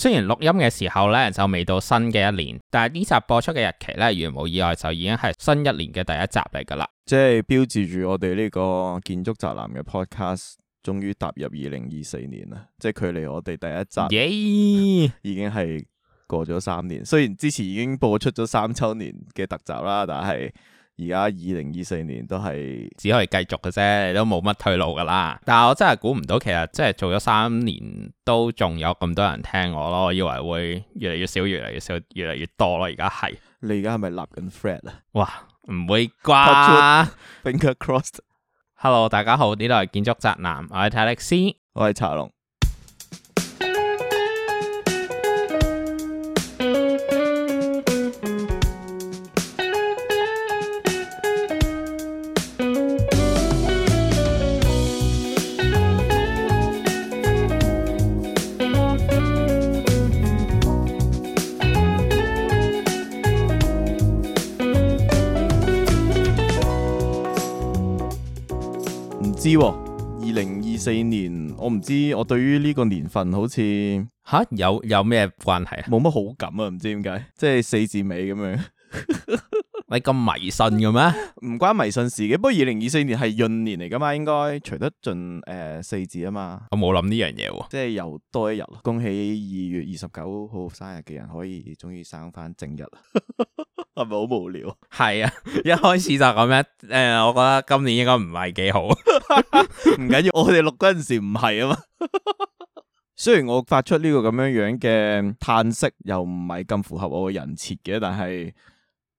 雖然錄音嘅時候呢就未到新嘅一年，但係呢集播出嘅日期呢，如無意外就已經係新一年嘅第一集嚟噶啦。即係標誌住我哋呢個建築宅男嘅 podcast 終於踏入二零二四年啦。即係距離我哋第一集 Yeah! 已經係過咗三年。雖然之前已經播出咗三周年嘅特集啦，但係。而家二零二四年都係只可以繼續嘅啫，你都冇乜退路噶啦。但係我真係估唔到，其實即係做咗三年都仲有咁多人聽我咯，我以為會越嚟越少、越嚟越少、越嚟越多咯。而家係你而家係咪立緊 flag 啊？哇，唔會啩？Big Cross，Hello，大家好，呢度係建築宅男，我係泰力斯，我係茶龍。知，二零二四年，我唔知我對於呢個年份好似吓，有有咩關係啊？冇乜好感啊，唔知點解，即係四字尾咁樣。 咪咁迷信嘅咩？唔關迷信事嘅，不過二零二四年係閏年嚟噶嘛，應該除得盡誒、呃、四字啊嘛。我冇諗呢樣嘢喎，即係又多一日。恭喜二月二十九號生日嘅人可以終於生翻正日，係咪好無聊？係啊，一開始就咁樣。誒、 呃，我覺得今年應該唔係幾好，唔緊要。我哋錄嗰陣時唔係啊嘛？ 雖然我發出呢個咁樣樣嘅嘆息，又唔係咁符合我嘅人設嘅，但係。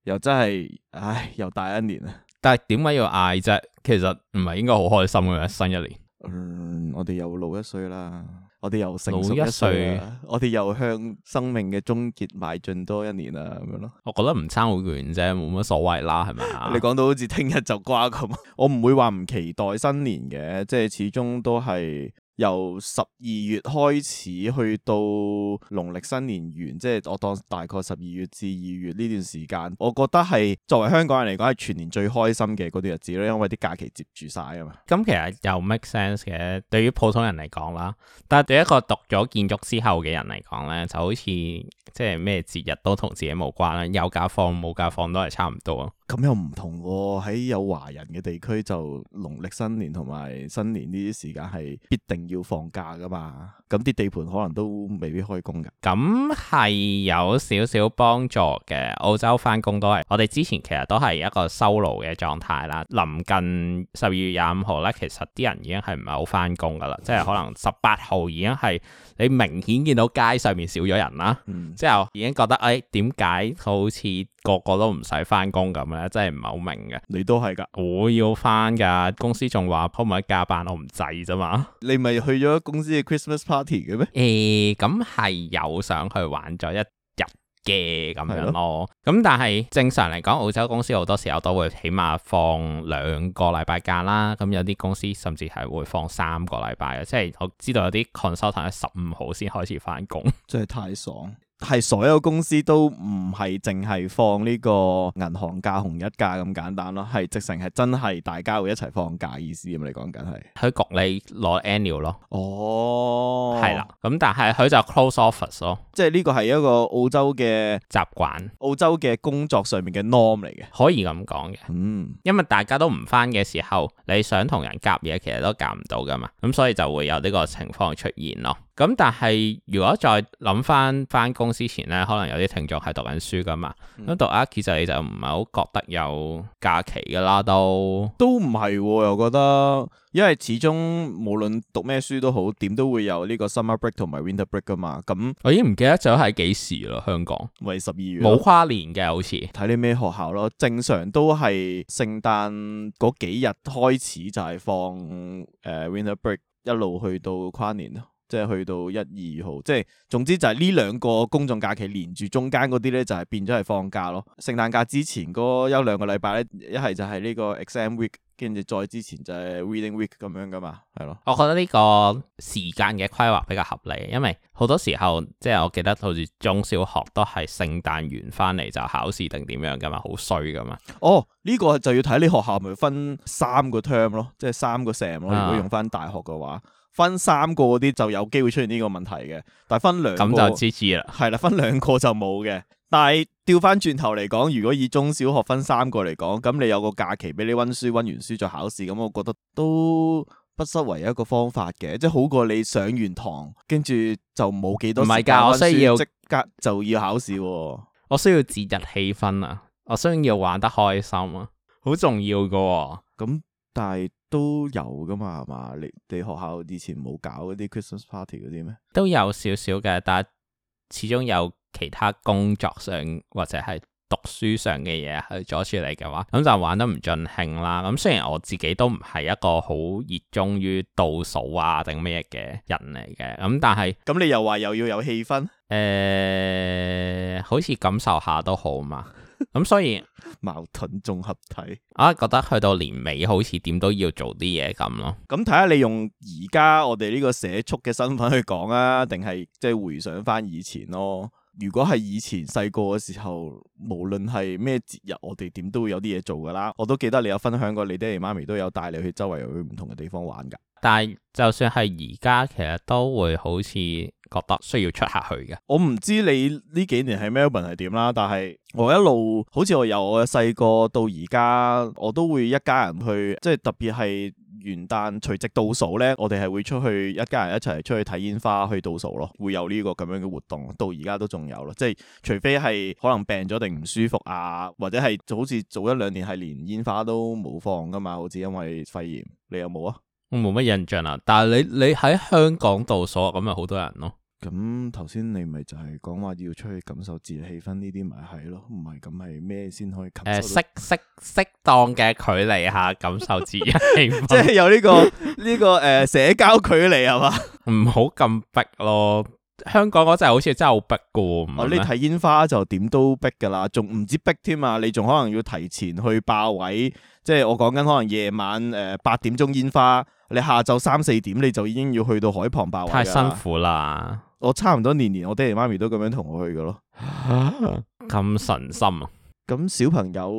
又真係，唉，又大一年啊！但係點解要嗌啫？其實唔係應該好開心嘅新一年。嗯，我哋又老一歲啦，我哋又成熟一歲，一歲我哋又向生命嘅終結邁進多一年啦，咁樣咯。我覺得唔差好遠啫，冇乜所謂啦，係咪啊？ 你講到好似聽日就瓜咁， 我唔會話唔期待新年嘅，即係始終都係。由十二月開始去到農曆新年完，即、就、係、是、我當大概十二月至二月呢段時間，我覺得係作為香港人嚟講，係全年最開心嘅嗰段日子咯，因為啲假期接住晒啊嘛。咁、嗯嗯、其實又 make sense 嘅，對於普通人嚟講啦，但係對一個讀咗建築之後嘅人嚟講咧，就好似即係咩節日都同自己冇關啦，有假放冇假放都係差唔多。咁又唔同喎，喺有華人嘅地區就農曆新年同埋新年呢啲時間係必定要放假㗎嘛。咁啲地盤可能都未必開工㗎。咁係有少少幫助嘅。澳洲翻工都係，我哋之前其實都係一個收爐嘅狀態啦。臨近十二月廿五號咧，其實啲人已經係唔係好翻工㗎啦。即係可能十八號已經係你明顯見到街上面少咗人啦。之後已經覺得誒，點解好似個個都唔使翻工咁咧？真係唔係好明嘅。你都係㗎，我要翻㗎。公司仲話可唔可以加班？我唔制啫嘛。你咪去咗公司嘅 Christmas party。嘅咩？誒、嗯，咁係有上去玩咗一日嘅咁樣咯。咁、 嗯、但係正常嚟講，澳洲公司好多時候都會起碼放兩個禮拜假啦。咁、嗯、有啲公司甚至係會放三個禮拜呀，即係我知道有啲 consultant 喺十五號先開始返工，真係太爽。係所有公司都唔係淨係放呢個銀行假、紅一假咁簡單咯，係直情係真係大家會一齊放假意思。咁你講緊，梗係喺局裏攞 annual 咯。哦，係啦，咁但係佢就 close office 咯。即係呢個係一個澳洲嘅習慣，習慣澳洲嘅工作上面嘅 norm 嚟嘅，可以咁講嘅。嗯，因為大家都唔翻嘅時候，你想同人夾嘢其實都夾唔到噶嘛，咁所以就會有呢個情況出現咯。咁但係如果再諗翻翻工之前咧，可能有啲聽眾係讀緊書噶嘛，咁、嗯、讀啊，其實你就唔係好覺得有假期噶啦，都都唔係、哦，我覺得，因為始終無論讀咩書都好，點都會有呢個 summer break 同埋 winter break 噶嘛。咁我已經唔記得咗係幾時咯，香港咪十二月冇跨年嘅，好似睇你咩學校咯，正常都係聖誕嗰幾日開始就係放誒、uh, winter break，一路去到跨年咯。即係去到一、二號，即係總之就係呢兩個公眾假期連住中間嗰啲咧，就係、是、變咗係放假咯。聖誕假之前嗰一兩個禮拜咧，一係就係呢個 exam week，跟住再之前就係 reading week 咁樣噶嘛，係咯。我覺得呢個時間嘅規劃比較合理，因為好多時候即係我記得好似中小學都係聖誕完翻嚟就考試定點樣噶嘛，好衰噶嘛。哦，呢、呢個就要睇你學校咪分三個 term 咯，即係三個 sem 咯。如果用翻大學嘅話。嗯分三個嗰啲就有機會出現呢個問題嘅，但係分兩個咁就知知啦，係啦，分兩個就冇嘅。但係掉翻轉頭嚟講，如果以中小學分三個嚟講，咁你有個假期俾你溫書，溫完書再考試，咁我覺得都不失為一個方法嘅，即係好過你上完堂跟住就冇幾多時間。唔係噶，我需要即刻就要考試，啊。我需要節日氣氛啊，我需要玩得開心啊，好重要噶，啊。咁、嗯。但係都有噶嘛，係嘛？你你學校以前冇搞嗰啲 Christmas party 嗰啲咩？都有少少嘅，但係始終有其他工作上或者係讀書上嘅嘢，去阻住你嘅話，咁就玩得唔盡興啦。咁雖然我自己都唔係一個好熱衷於倒數啊定咩嘢嘅人嚟嘅，咁但係咁你又話又要有氣氛，誒、呃，好似感受下都好嘛。咁 所以，矛盾綜合體，我覺得去到年尾好似點都要做啲嘢咁咯。咁睇下你用而家我哋呢個社畜嘅身份去講啊，定係即係回想翻以前咯。如果係以前細個嘅時候，無論係咩節日，我哋點都會有啲嘢做噶啦。我都記得你有分享過，你爹哋媽咪都有帶你去周圍去唔同嘅地方玩噶。但係就算係而家，其實都會好似覺得需要出下去嘅。我唔知你呢幾年係 Melbourne 係點啦，但係我一路好似我由我細個到而家，我都會一家人去，即係特別係。元旦除夕倒數咧，我哋係會出去一家人一齊出去睇煙花去倒數咯，會有呢個咁樣嘅活動，到而家都仲有咯。即係除非係可能病咗定唔舒服啊，或者係好似早一兩年係連煙花都冇放㗎嘛，好似因為肺炎。你有冇啊？我冇乜印象啊。但係你你喺香港倒數啊，咁咪好多人咯。咁頭先你咪就係講話要出去感受自然氣氛呢啲咪係咯，唔係咁係咩先可以吸？誒、呃，適適適，適當嘅距離下感受自然 即係有呢、這個呢、 這個誒、呃、社交距離係嘛？唔好咁逼咯，香港嗰陣好似真係好逼噶。哦、啊嗎，你睇煙花就點都逼噶啦，仲唔知逼添啊？你仲可能要提前去霸位，即係我講緊可能夜晚誒八點鐘煙花，你下晝三四點你就已經要去到海旁霸位。太辛苦啦～我差唔多年年我爹哋媽咪都咁樣同我去噶咯，咁 神心啊！咁、嗯、小朋友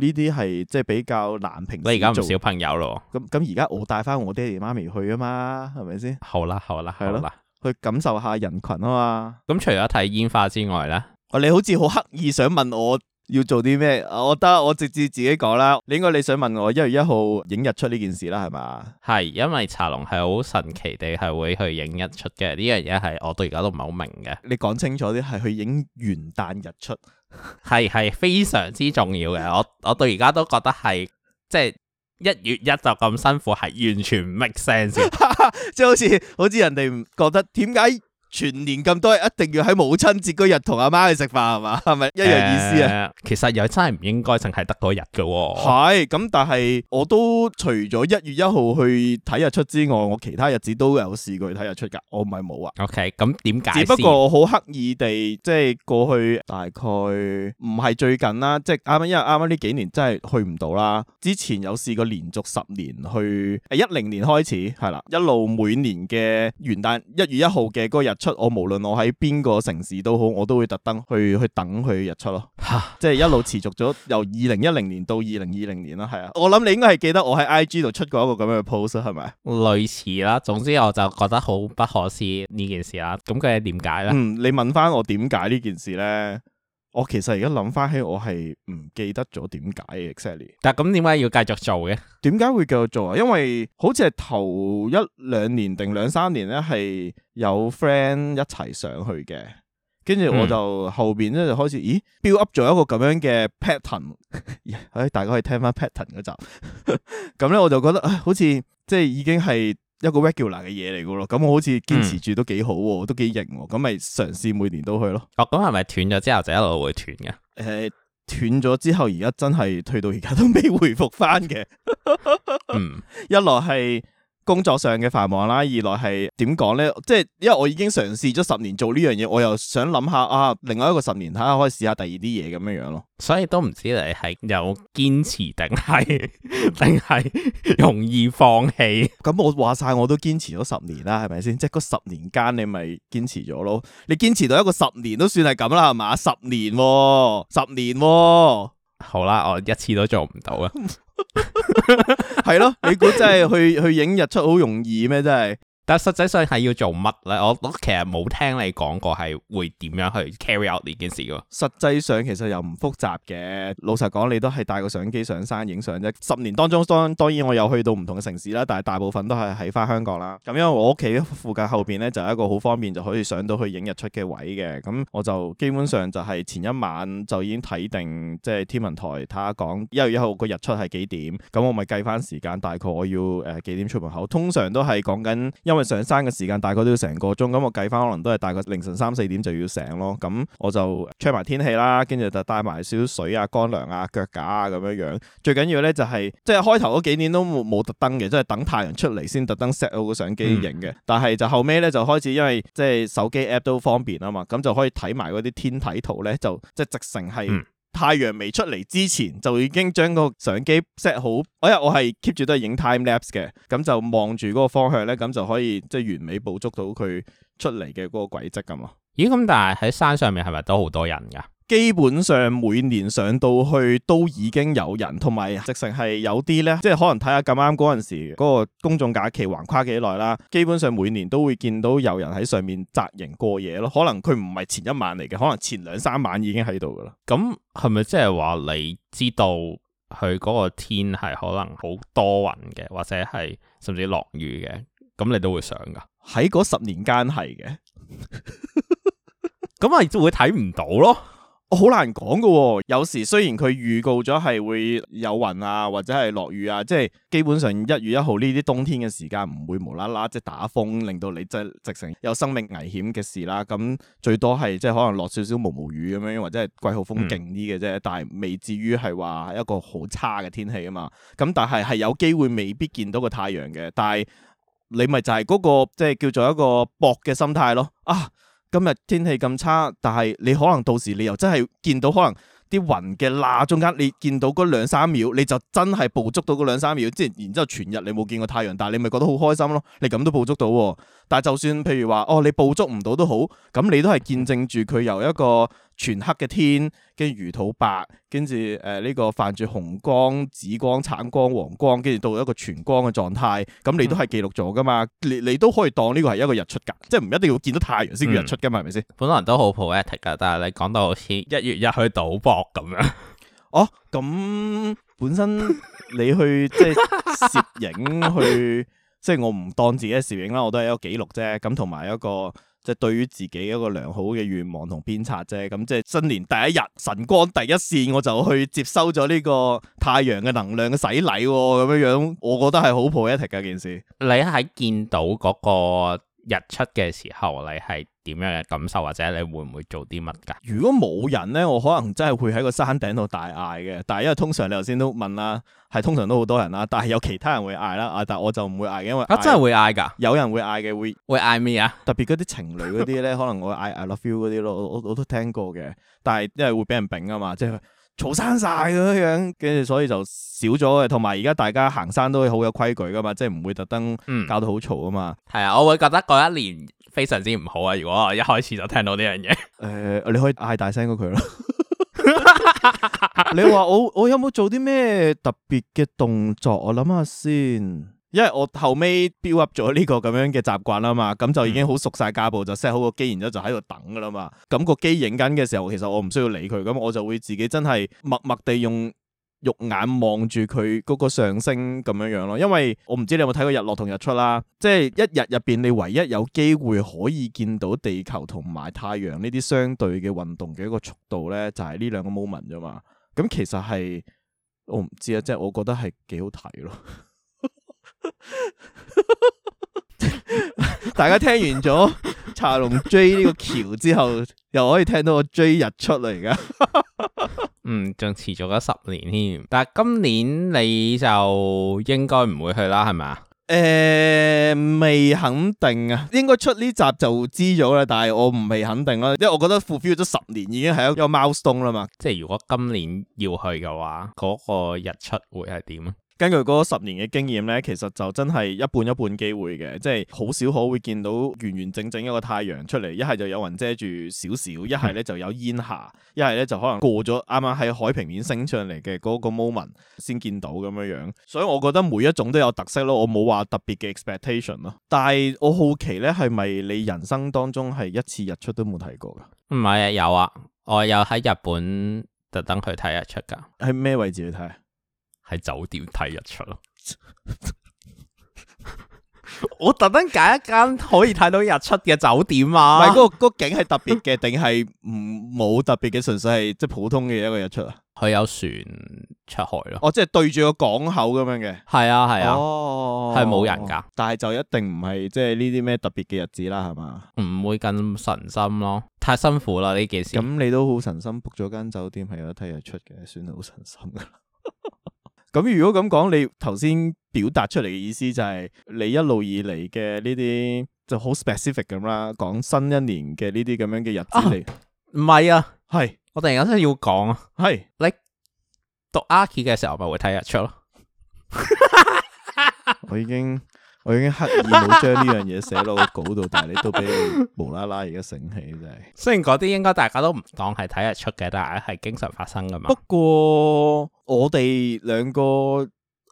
呢啲係即係比較難評。你而家唔小朋友咯，咁咁而家我帶翻我爹哋媽咪去啊嘛，係咪先？好啦好啦好啦，去感受下人群啊嘛。咁除咗睇煙花之外咧，哦，你好似好刻意想問我。要做啲咩？啊，我得我直接自己講啦。你應該你想問我一月一號影日出呢件事啦，係嘛？係，因為茶龍係好神奇地係會去影日出嘅。呢樣嘢係我到而家都唔係好明嘅。你講清楚啲，係去影元旦日出，係係非常之重要嘅。我我到而家都覺得係即係一月一就咁辛苦，係完全唔 make sense，即係好似好似人哋唔覺得點解？全年咁多，一定要喺母親節嗰日同阿媽去食飯係嘛？係咪一樣意思啊？呃，其實又真係唔應該淨係得嗰日嘅哦。係咁，但係我都除咗一月一號去睇日出之外，我其他日子都有試過去睇日出噶。我唔係冇啊。O K，咁點解？只不過我好刻意地，即係過去大概唔係最近啦，即係啱啱，因為啱啱呢幾年真係去唔到啦。之前有試過連續十年去，呃，一零年開始係啦，一路每年嘅元旦一月一號嘅嗰日，日出，我無論我喺邊個城市都好，我都會特登去去等佢日出咯。嚇！ 即係一路持續咗由二零一零年到二零二零年啦。係啊，我諗你應該係記得我喺 IG 度出過一個咁樣嘅 post 係咪？類似啦。總之我就覺得好不可思呢件事啦。咁佢係點解咧？嗯，你問翻我點解呢件事咧？我其實而家諗翻起，我係唔記得咗點解嘅 exactly。但係咁點解要繼續做嘅？點解會繼續做啊？因為好似係頭一兩年定兩三年咧，係有 friend 一齊上去嘅。跟住我就、嗯、後邊咧就開始，咦 build up 咗一個咁樣嘅 pattern。哎，大家可以聽翻 pattern 嗰集。咁 咧我就覺得啊，好似即係已經係。一個 regular 嘅嘢嚟噶咯，咁我好似堅持住都幾好，嗯、都幾型，咁咪嘗試每年都去咯。哦，咁係咪斷咗之後就一路會斷嘅？誒、呃，斷咗之後，而家真係退到而家都未回復翻嘅。 嗯，一來係。工作上嘅繁忙啦，二來係點講呢？即係因為我已經嘗試咗十年做呢樣嘢，我又想諗下啊，啊，另外一個十年，睇下可以試下第二啲嘢咁樣樣咯。所以都唔知你係有堅持定係定係容易放棄。咁我話晒，我都堅持咗十年啦，係咪先？即係嗰十年間，你咪堅持咗咯？你堅持到一個十年都算係咁啦，係嘛？十年喎，十年喎。 好啦，我一次都做唔到啊！係咯， 你估真係去去影日出好容易咩？真係。但係實際上係要做乜咧？我我其實冇聽你講過係會點樣去 carry out 呢件事㗎。實際上其實又唔複雜嘅。老實講，你都係帶個相機上山影相啫。十年當中，當當然我有去到唔同嘅城市啦，但係大部分都係喺翻香港啦。咁、嗯、因為我屋企附近後邊咧就有一個好方便就可以上到去影日出嘅位嘅。咁、嗯、我就基本上就係前一晚就已經睇定即係、就是、天文台睇下講一月一號個日出係幾點。咁、嗯、我咪計翻時間，大概我要誒、呃、幾點出門口。通常都係講緊因為上山嘅時間大概都要成個鐘，咁我計翻可能都係大概凌晨三四點就要醒咯，咁我就 check 埋天氣啦，跟住就帶埋少少水啊、乾糧啊、腳架啊咁樣樣。最緊要咧就係即係開頭嗰幾年都冇特登嘅，即係等太陽出嚟先特登 set 好個相機影嘅。嗯、但係就後尾咧就開始因為即係手機 app 都方便啊嘛，咁就可以睇埋嗰啲天體圖咧，就即係直成係。嗯太陽未出嚟之前，就已經將個相機 set 好。哎呀，我係 keep 住都係影 time lapse 嘅，咁就望住嗰個方向咧，咁就可以即係完美捕捉到佢出嚟嘅嗰個軌跡咁啊。咦？咁但係喺山上面係咪都好多人噶？基本上每年上到去都已經有人，同埋直情係有啲咧，即係可能睇下咁啱嗰陣時嗰個公眾假期橫跨幾耐啦。基本上每年都會見到有人喺上面紮營過夜咯。可能佢唔係前一晚嚟嘅，可能前兩三晚已經喺度噶啦。咁係咪即係話你知道佢嗰個天係可能好多雲嘅，或者係甚至落雨嘅？咁你都會想噶？喺嗰 十年間係嘅，咁啊會睇唔到咯？我好難講噶，有時雖然佢預告咗係會有雲啊，或者係落雨啊，即係基本上一月一號呢啲冬天嘅時間唔會無啦啦即係打風，令到你即係直成有生命危險嘅事啦。咁最多係即係可能落少少毛毛雨咁樣，或者係季候風勁啲嘅啫，但係未至於係話一個好差嘅天氣啊嘛。咁但係係有機會未必見到個太陽嘅，但係你咪就係嗰個即係叫做一個博嘅心態咯。啊！今日天，天氣咁差，但係你可能到時你又真係見到可能啲雲嘅罅中間，你見到嗰兩三秒，你就真係捕捉到嗰兩三秒，即係然之後全日你冇見過太陽，但係你咪覺得好開心咯？你咁都捕捉到、哦，但係就算譬如話，哦你捕捉唔到都好，咁你都係見證住佢由一個。全黑嘅天，跟住魚肚白，跟住誒呢個泛住紅光、紫光、橙光、黃光，跟住到一個全光嘅狀態，咁你都係記錄咗噶嘛？嗯、你你都可以當呢個係一個日出噶，即係唔一定要見到太陽先叫日出嘅嘛？係咪先？是是本來人都好 poetic 噶，但係你講到一月一去賭博咁樣，哦，咁本身你去 即係攝影去，即係我唔當自己係攝影啦，我都係一個記錄啫，咁同埋一個。即係對於自己一個良好嘅願望同鞭策啫，咁即係新年第一日，晨光第一線我就去接收咗呢個太陽嘅能量嘅洗禮喎、哦，咁樣樣我覺得係好 positive 嘅一件事。你喺見到嗰、那個日出嘅時候，你係點樣嘅感受，或者你會唔會做啲乜噶？如果冇人咧，我可能真係會喺個山頂度大嗌嘅。但係因為通常你頭先都問啦，係通常都好多人啦，但係有其他人會嗌啦啊，但係我就唔會嗌嘅，因為啊真係會嗌噶，有人會嗌嘅，會會嗌咩啊？特別嗰啲情侶嗰啲咧，可能我嗌 I love you 嗰啲咯，我我我都聽過嘅。但係因為會俾人丙啊嘛，即係。嘈生晒咁樣，跟住所以就少咗嘅。同埋而家大家行山都好有規矩噶嘛，即係唔會特登搞到好嘈啊嘛。係、嗯、啊，我會覺得嗰一年非常之唔好啊！如果我一開始就聽到呢樣嘢，誒、呃，你可以嗌大聲過佢咯。 你話我我有冇做啲咩特別嘅動作？我諗下先。因為我後尾 build up 咗呢個咁樣嘅習慣啦嘛，咁就已經好熟晒架步，就 set 好個機，然之後就喺度等噶啦嘛。咁個機影緊嘅時候，其實我唔需要理佢，咁我就會自己真係默默地用肉眼望住佢嗰個上升咁樣樣咯。因為我唔知你有冇睇過日落同日出啦，即係一日入邊你唯一有機會可以見到地球同埋太陽呢啲相對嘅運動嘅一個速度咧，就係呢兩個 moment 啫嘛。咁其實係我唔知啊，即係我覺得係幾好睇咯。 大家聽完咗茶龍追呢個橋之後，又可以聽到個追日出嚟，而家 嗯，仲持續咗十年添。但係今年你就應該唔會去啦，係咪？誒、呃，未肯定啊，應該出呢集就知咗啦。但係我唔未肯定啦，因為我覺得 fulfill 咗十年已經係一個 milestone 啦嘛。即係如果今年要去嘅話，嗰，那個日出會係點啊？根據嗰十年嘅經驗呢，其實就真係一半一半機會嘅，即係好少可會見到完完整整一個太陽出嚟，一係就有雲遮住少少，一係呢就有煙霞，一係呢就可能過咗啱啱喺海平面升上嚟嘅嗰個 moment 先見到咁樣樣。所以我覺得每一種都有特色咯，我冇話特別嘅 expectation 咯。但係我好奇呢，係咪你人生當中係一次日出都冇睇過㗎？唔係啊，有啊，我有喺日本特登去睇日出㗎。喺咩位置去睇？喺酒店睇日出咯， 我特登揀一間可以睇到日出嘅酒店啊！係嗰、嗰個嗰個景係特別嘅，定係唔冇特別嘅，純粹係即係普通嘅一個日出啊！佢有船出海咯，哦，即係對住個港口咁樣嘅，係啊係啊，啊哦，係冇人噶、哦，但係就一定唔係即係呢啲咩特別嘅日子啦，係嘛？唔會咁神心咯，太辛苦啦呢件事。咁你都好神心 book 咗間酒店係有得睇日出嘅，算好神心噶。咁如果咁講，你頭先表達出嚟嘅意思就係、是、你一路以嚟嘅呢啲就好 specific 咁啦，講新一年嘅呢啲咁樣嘅日子嚟。唔係啊，係、啊、是我突然間真係要講啊，係是你讀 Archi 嘅時候咪會睇日出咯。 我已經。我已經刻意冇將呢樣嘢寫落個稿度， 但係你都俾你無啦啦而家醒起，真係。雖然嗰啲應該大家都唔當係睇日出嘅，但係係經常發生噶嘛。不過我哋兩個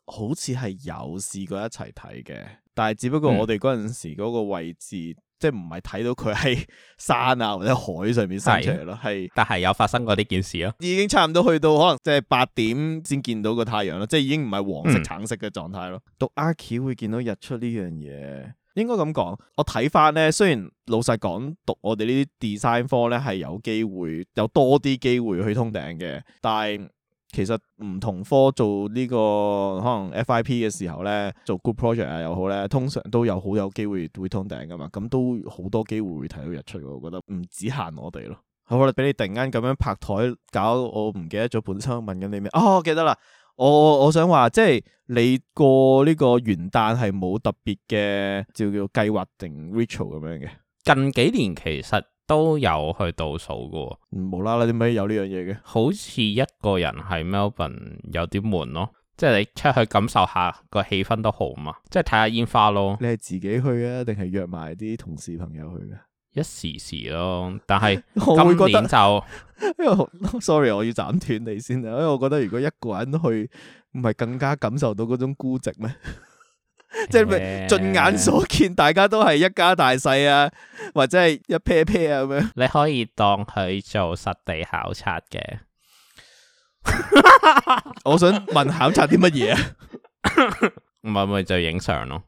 好似係有試過一齊睇嘅，但係只不過我哋嗰陣時嗰個位置，嗯。即係唔係睇到佢喺山啊，或者海上面曬出嚟咯，係是是但係有發生過呢件事咯，已經差唔多去到可能即係八點先見到個太陽咯，即係已經唔係黃色橙色嘅狀態咯。嗯、讀 Archi 會見到日出呢樣嘢，應該咁講。我睇翻咧，雖然老實講讀我哋呢啲 design 科咧係有機會有多啲機會去通頂嘅，但係。其實唔同科做呢個可能 FIP 嘅時候咧，做 good project 啊又好咧，通常都有好有機會會通頂㗎嘛，咁都好多機會會睇到日出，我覺得唔止限我哋咯，好喇，俾你突然間咁樣拍台搞，我唔記得咗本身問緊你咩。哦，記得啦，我我想話即係你過呢個元旦係冇特別嘅叫叫計劃定 ritual 咁樣嘅。近幾年其實。都有去倒數噶、哦，無啦啦點解有呢樣嘢嘅？好似一個人喺 Melbourne 有啲悶咯，即係你出去感受下個氣氛都好嘛，即係睇下煙花咯。你係自己去啊，定係約埋啲同事朋友去嘅？一時時咯，但係 我會覺得，因為 sorry 我要斬斷你先啊，因為我覺得如果一個人去，唔係更加感受到嗰種孤寂咩？ 即係，咪盡眼所見，大家都係一家大細啊，或者係一 pair pair 啊咁樣。你可以當佢做實地考察嘅。 我想問考察啲乜嘢啊？咪 咪 就影相咯。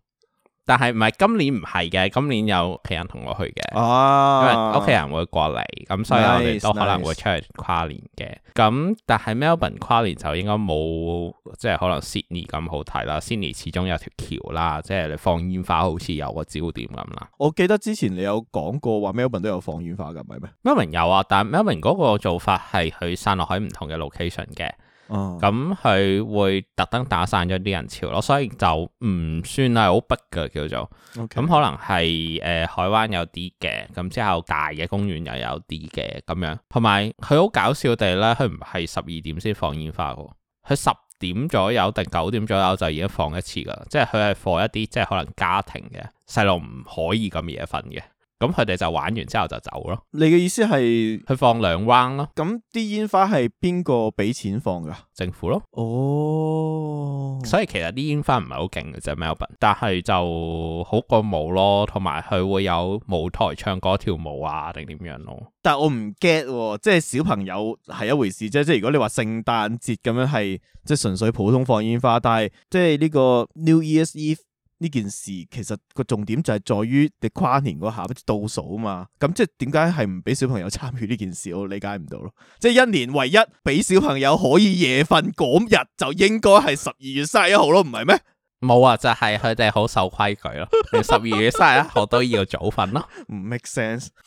但係唔係今年唔係嘅，今年有屋企人同我去嘅，啊、因為屋企人會過嚟，咁所以我哋都可能會出去跨年嘅。咁、啊、但係 Melbourne、嗯、跨年就應該冇，即係可能 Sydney 咁好睇啦。Sydney 始終有條橋啦，即係你放煙花好似有個焦點咁啦。我記得之前你有講過話 Melbourne 都有放煙花㗎，唔係咩？Melbourne 有啊，但 Melbourne 嗰個做法係佢散落喺唔同嘅 location 嘅。哦，咁佢會特登打散咗啲人潮咯，所以就唔算係好逼㗎叫做。咁 Okay. 可能係誒、呃、海灣有啲嘅，咁之後大嘅公園又有啲嘅咁樣，同埋佢好搞笑地咧，佢唔係十二點先放煙花喎，佢十點左右定九點左右就已經放一次噶，即係佢係放一啲即係可能家庭嘅細路唔可以咁夜瞓嘅。咁佢哋就玩完之後就走咯。你嘅意思係去放兩 round 咯。咁啲煙花係邊個俾錢放噶？政府咯。哦。Oh. 所以其實啲煙花唔係好勁嘅啫，Melbourne。但係就好過冇咯，同埋佢會有舞台唱歌跳舞啊，定點樣咯。但係我唔 get，即係小朋友係一回事啫。即係如果你話聖誕節咁樣係，即係純粹普通放煙花，但係即係呢個 New Year's Eve。呢件事其實個重點就係在於你跨年嗰下，不如倒數啊嘛。咁即係點解係唔俾小朋友參與呢件事？我理解唔到咯。即係一年唯一俾小朋友可以夜瞓嗰日，就應該係十二月三十一號咯，唔係咩？冇啊，就係佢哋好守規矩咯。十二月三十一號都要早瞓咯。唔 不 make sense。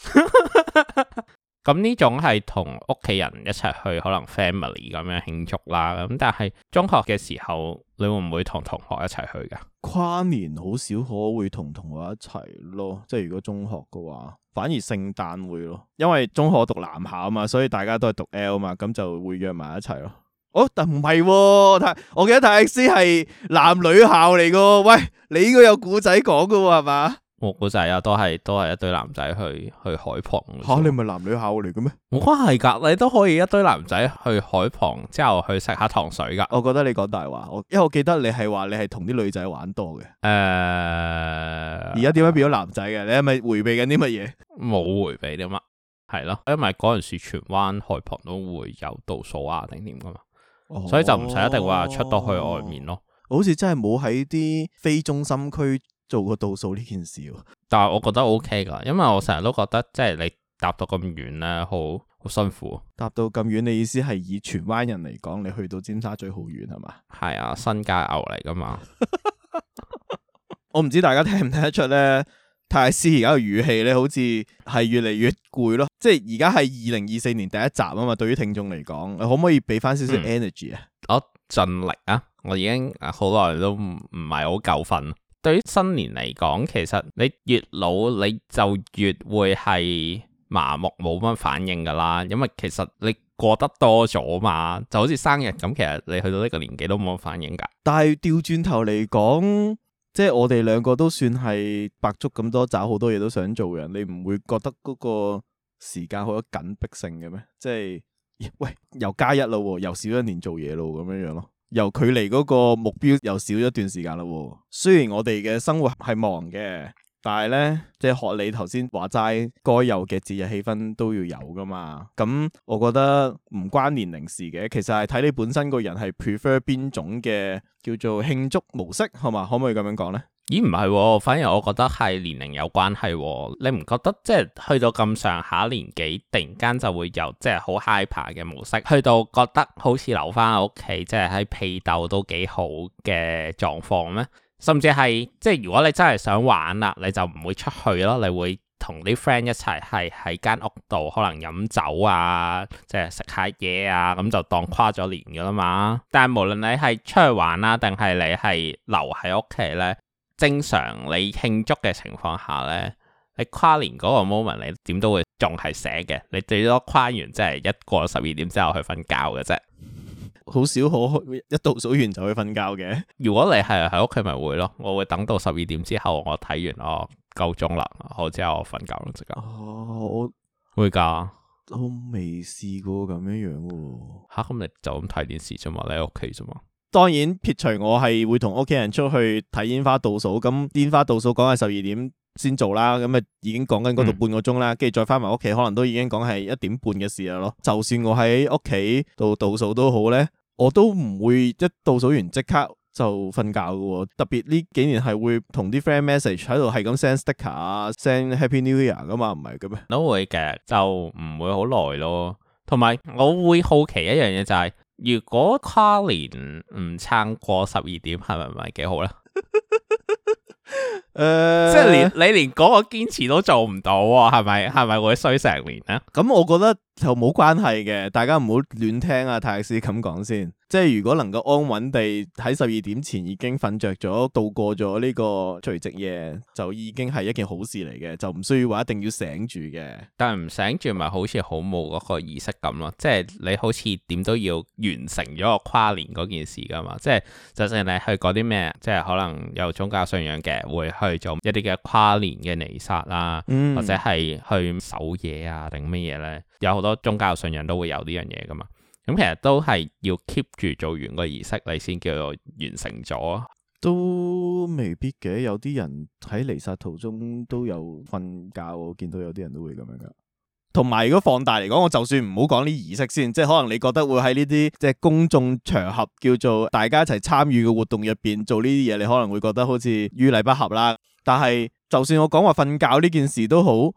咁呢種係同屋企人一齊去，可能 family 咁樣慶祝啦。咁但係中學嘅時候，你會唔會同同學一齊去㗎？跨年好少可會同同學一齊咯。即係如果中學嘅話，反而聖誕會咯。因為中學讀男校啊嘛，所以大家都係讀 L 啊嘛，咁就會約埋一齊咯。哦，但唔係，我記得太 X 係男女校嚟噶。喂，你應該有古仔講噶係嘛？我古仔啊，都係都係一堆男仔去去海旁。吓、啊，你唔係男女校嚟嘅咩？冇關係噶，你都可以一堆男仔去海旁，之後去食下糖水噶。我覺得你講大話，我因為我記得你係話你係同啲女仔玩多嘅。誒、呃，而家點解變咗男仔嘅？呃、你係咪回避緊啲乜嘢？冇回避啲乜，係咯。因為嗰陣時荃灣海旁都會有倒數啊定點噶嘛。哦、所以就唔使一定話出到去外面咯。哦、我好似真係冇喺啲非中心區。做個倒數呢件事、啊，但係我覺得 O K 噶，因為我成日都覺得即係你搭到咁遠咧，好好辛苦。搭到咁遠，你意思係以荃灣人嚟講，你去到尖沙咀好遠係嘛？係啊，新界牛嚟噶嘛？ 我唔知大家聽唔聽得出咧？泰斯而家嘅語氣咧，好似係越嚟越攰咯。即係而家係二零二四年第一集啊嘛。對於聽眾嚟講，你可唔可以俾翻少少 energy 啊、嗯？我盡力啊！我已經好耐都唔唔係好夠瞓。對於新年嚟講，其實你越老你就越會係麻木冇乜反應噶啦，因為其實你過得多咗嘛，就好似生日咁，其實你去到呢個年紀都冇乜反應噶。但係調轉頭嚟講，即係我哋兩個都算係百足咁多爪，好多嘢都想做嘅，你唔會覺得嗰個時間好有緊迫性嘅咩？即係喂，又加一咯，又少一年做嘢咯，咁樣樣咯。由距離嗰個目標又少咗一段時間啦喎、哦，雖然我哋嘅生活係忙嘅，但係咧即係學你頭先話齋，該有嘅節日氣氛都要有㗎嘛。咁我覺得唔關年齡事嘅，其實係睇你本身個人係 prefer 邊種嘅叫做慶祝模式，好嘛？可唔可以咁樣講咧？咦，唔係喎，反而我覺得係年齡有關係喎、哦。你唔覺得即係去到咁上下年紀，突然間就會有即係好 hyper 嘅模式，去到覺得好似留返喺屋企，即係喺被竇都幾好嘅狀況咩？甚至係即係如果你真係想玩啦，你就唔會出去咯，你會同啲 friend 一齊係喺間屋度，可能飲酒啊，即係食下嘢啊，咁就當跨咗年㗎啦嘛。但係無論你係出去玩啦、啊，定係你係留喺屋企咧。正常你慶祝嘅情況下咧，你跨年嗰個 moment 你點都會仲係醒嘅，你最多跨完即係一過十二點之後去瞓覺嘅啫。好少可一倒數完就去瞓覺嘅。 如果你係喺屋企咪會咯，我會等到十二點之後我睇完我夠鐘啦，我之後我瞓覺咯即刻。哦，我會㗎、哦，我未試的過咁樣樣喎。嚇、啊，咁你就咁睇電視啫嘛，你喺屋企啫嘛。當然撇除我係會同屋企人出去睇煙花倒數，咁煙花倒數講係十二點先做啦，咁啊已經講緊嗰度半個鐘啦，跟住、嗯、再翻埋屋企，可能都已經講係一點半嘅事啦咯。就算我喺屋企度倒數都好咧，我都唔會一倒數完即刻就瞓覺噶，特別呢幾年係會同啲 friend message 喺度係咁 send sticker 啊，send happy new year 咁嘛，唔係嘅咩？都會嘅，就唔會好耐咯。同埋我會好奇一樣嘢就係、是。如果跨年唔撐過十二點，係咪咪幾好咧？誒， 即係連你連嗰個堅持都做唔到，係咪係咪會衰成年咧？咁我覺得。就冇關係嘅，大家唔好亂聽啊！泰斯咁講先，即係如果能夠安穩地喺十二點前已經瞓着咗，度過咗呢個除夕夜，就已經係一件好事嚟嘅，就唔需要話一定要醒住嘅。但係唔醒住咪好似好冇嗰個儀式感咯，即係你好似點都要完成咗個跨年嗰件事㗎嘛？即係就算你去講啲咩，即係可能有宗教信仰嘅會去做一啲嘅跨年嘅彌撒啦，嗯、或者係去守夜啊定乜嘢咧？有好多宗教信仰都會有呢樣嘢噶嘛，咁、嗯、其實都係要 keep 住做完個儀式，你先叫做完成咗。都未必嘅，有啲人喺彌撒途中都有瞓覺，見到有啲人都會咁樣噶。同埋如果放大嚟講，我就算唔好講啲儀式先，即係可能你覺得會喺呢啲即係公眾場合叫做大家一齊參與嘅活動入邊做呢啲嘢，你可能會覺得好似於理不合啦。但係就算我講話瞓覺呢件事都好，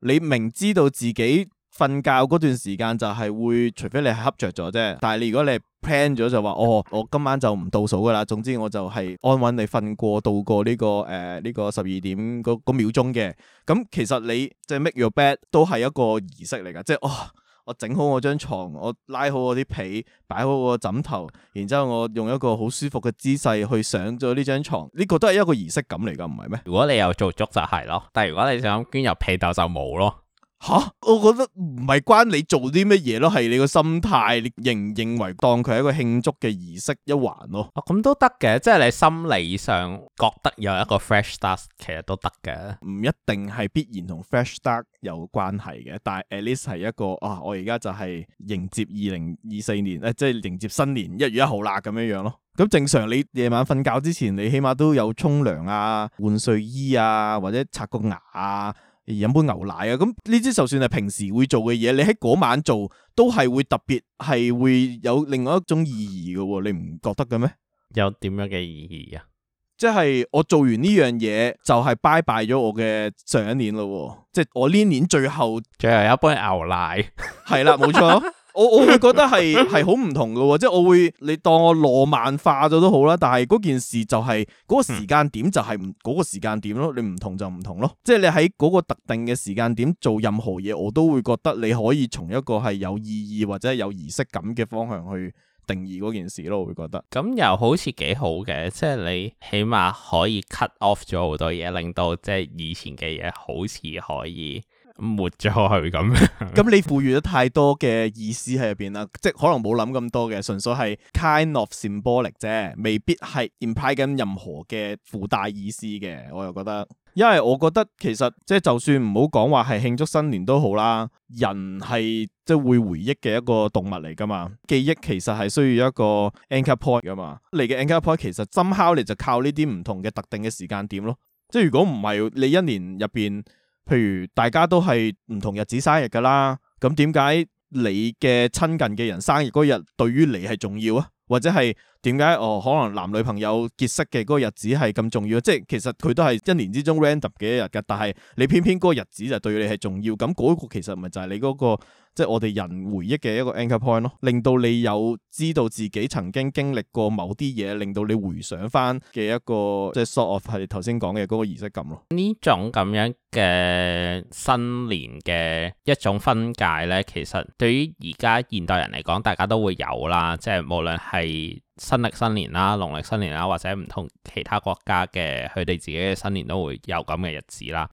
你明知道自己，瞓覺嗰段時間就係會，除非你係恰着咗啫。但係你如果你 plan 咗就話，哦，我今晚就唔倒數噶啦。總之我就係安穩你瞓過倒過呢個誒呢個十二點嗰秒鐘嘅。咁其實你即係 make your bed 都係一個儀式嚟㗎，即係哦，我整好我張床，我拉好我啲被，擺好我個枕頭，然之後我用一個好舒服嘅姿勢去上咗呢張床。呢個都係一個儀式感嚟㗎，唔係咩？如果你又做足就係咯，但係如果你想捐入被竇就冇咯。吓，我覺得唔係關你做啲乜嘢咯，係你個心態，你認認為當佢係一個慶祝嘅儀式一環咯。咁、哦、都得嘅，即係你心理上覺得有一個 fresh start，其實都得嘅，唔一定係必然同 fresh start 有關係嘅。但係 at least 係一個啊，我而家就係迎接二零二四年，誒、啊，即係迎接新年一月一號啦，咁樣樣咯。咁正常你夜晚瞓覺之前，你起碼都有沖涼啊，換睡衣啊，或者刷個牙啊。飲杯牛奶啊！咁呢啲就算係平時會做嘅嘢，你喺嗰晚做都係會特別係會有另外一種意義嘅喎、哦，你唔覺得嘅咩？有點樣嘅意義啊？即係我做完呢樣嘢，就係、是、拜拜咗我嘅上一年咯、哦，即係我呢年最後最後一杯牛奶，係 啦，冇錯、哦。 我我會覺得係係好唔同嘅喎、哦，即係我會你當我浪漫化咗都好啦，但係嗰件事就係嗰個時間點就係唔嗰個時間點咯，你唔同就唔同咯。即係你喺嗰個特定嘅時間點做任何嘢，我都會覺得你可以從一個係有意義或者有儀式感嘅方向去定義嗰件事咯。我會覺得咁又好似幾好嘅，即係你起碼可以 cut off 咗好多嘢，令到即係以前嘅嘢好似可以。活咗去咁，咁 你賦予咗太多嘅意思喺入邊啦，即係可能冇諗咁多嘅，純粹係 kind of symbolic 啫，未必係 imply 緊任何嘅附帶意思嘅。我又覺得，因為我覺得其實即係就算唔好講話係慶祝新年都好啦，人係即係會回憶嘅一個動物嚟噶嘛，記憶其實係需要一個 anchor point 噶嘛，你嘅 anchor point 其實 somehow 你就靠呢啲唔同嘅特定嘅時間點咯，即係如果唔係你一年入邊。譬如大家都係唔同日子生日噶啦，噉點解你嘅親近嘅人生日嗰日對於你係重要啊？或者係點解哦？可能男女朋友結識嘅嗰個日子係咁重要，即係其實佢都係一年之中 random 嘅一日㗎。但係你偏偏嗰個日子就對你係重要，咁、嗰、嗰個其實咪就係你嗰、嗰個即係、即係、我哋人回憶嘅一個 anchor point 咯，令到你有知道自己曾經經歷過某啲嘢，令到你回想返嘅一個即係 sort of 係你頭先講嘅嗰個儀式感咯。呢種咁樣嘅新年嘅一種分界咧，其實對於而家現代人嚟講，大家都會有啦，即係無論係，係新歷新年啦、農曆新年啦，或者唔同其他國家嘅佢哋自己嘅新年都會有咁嘅日子啦。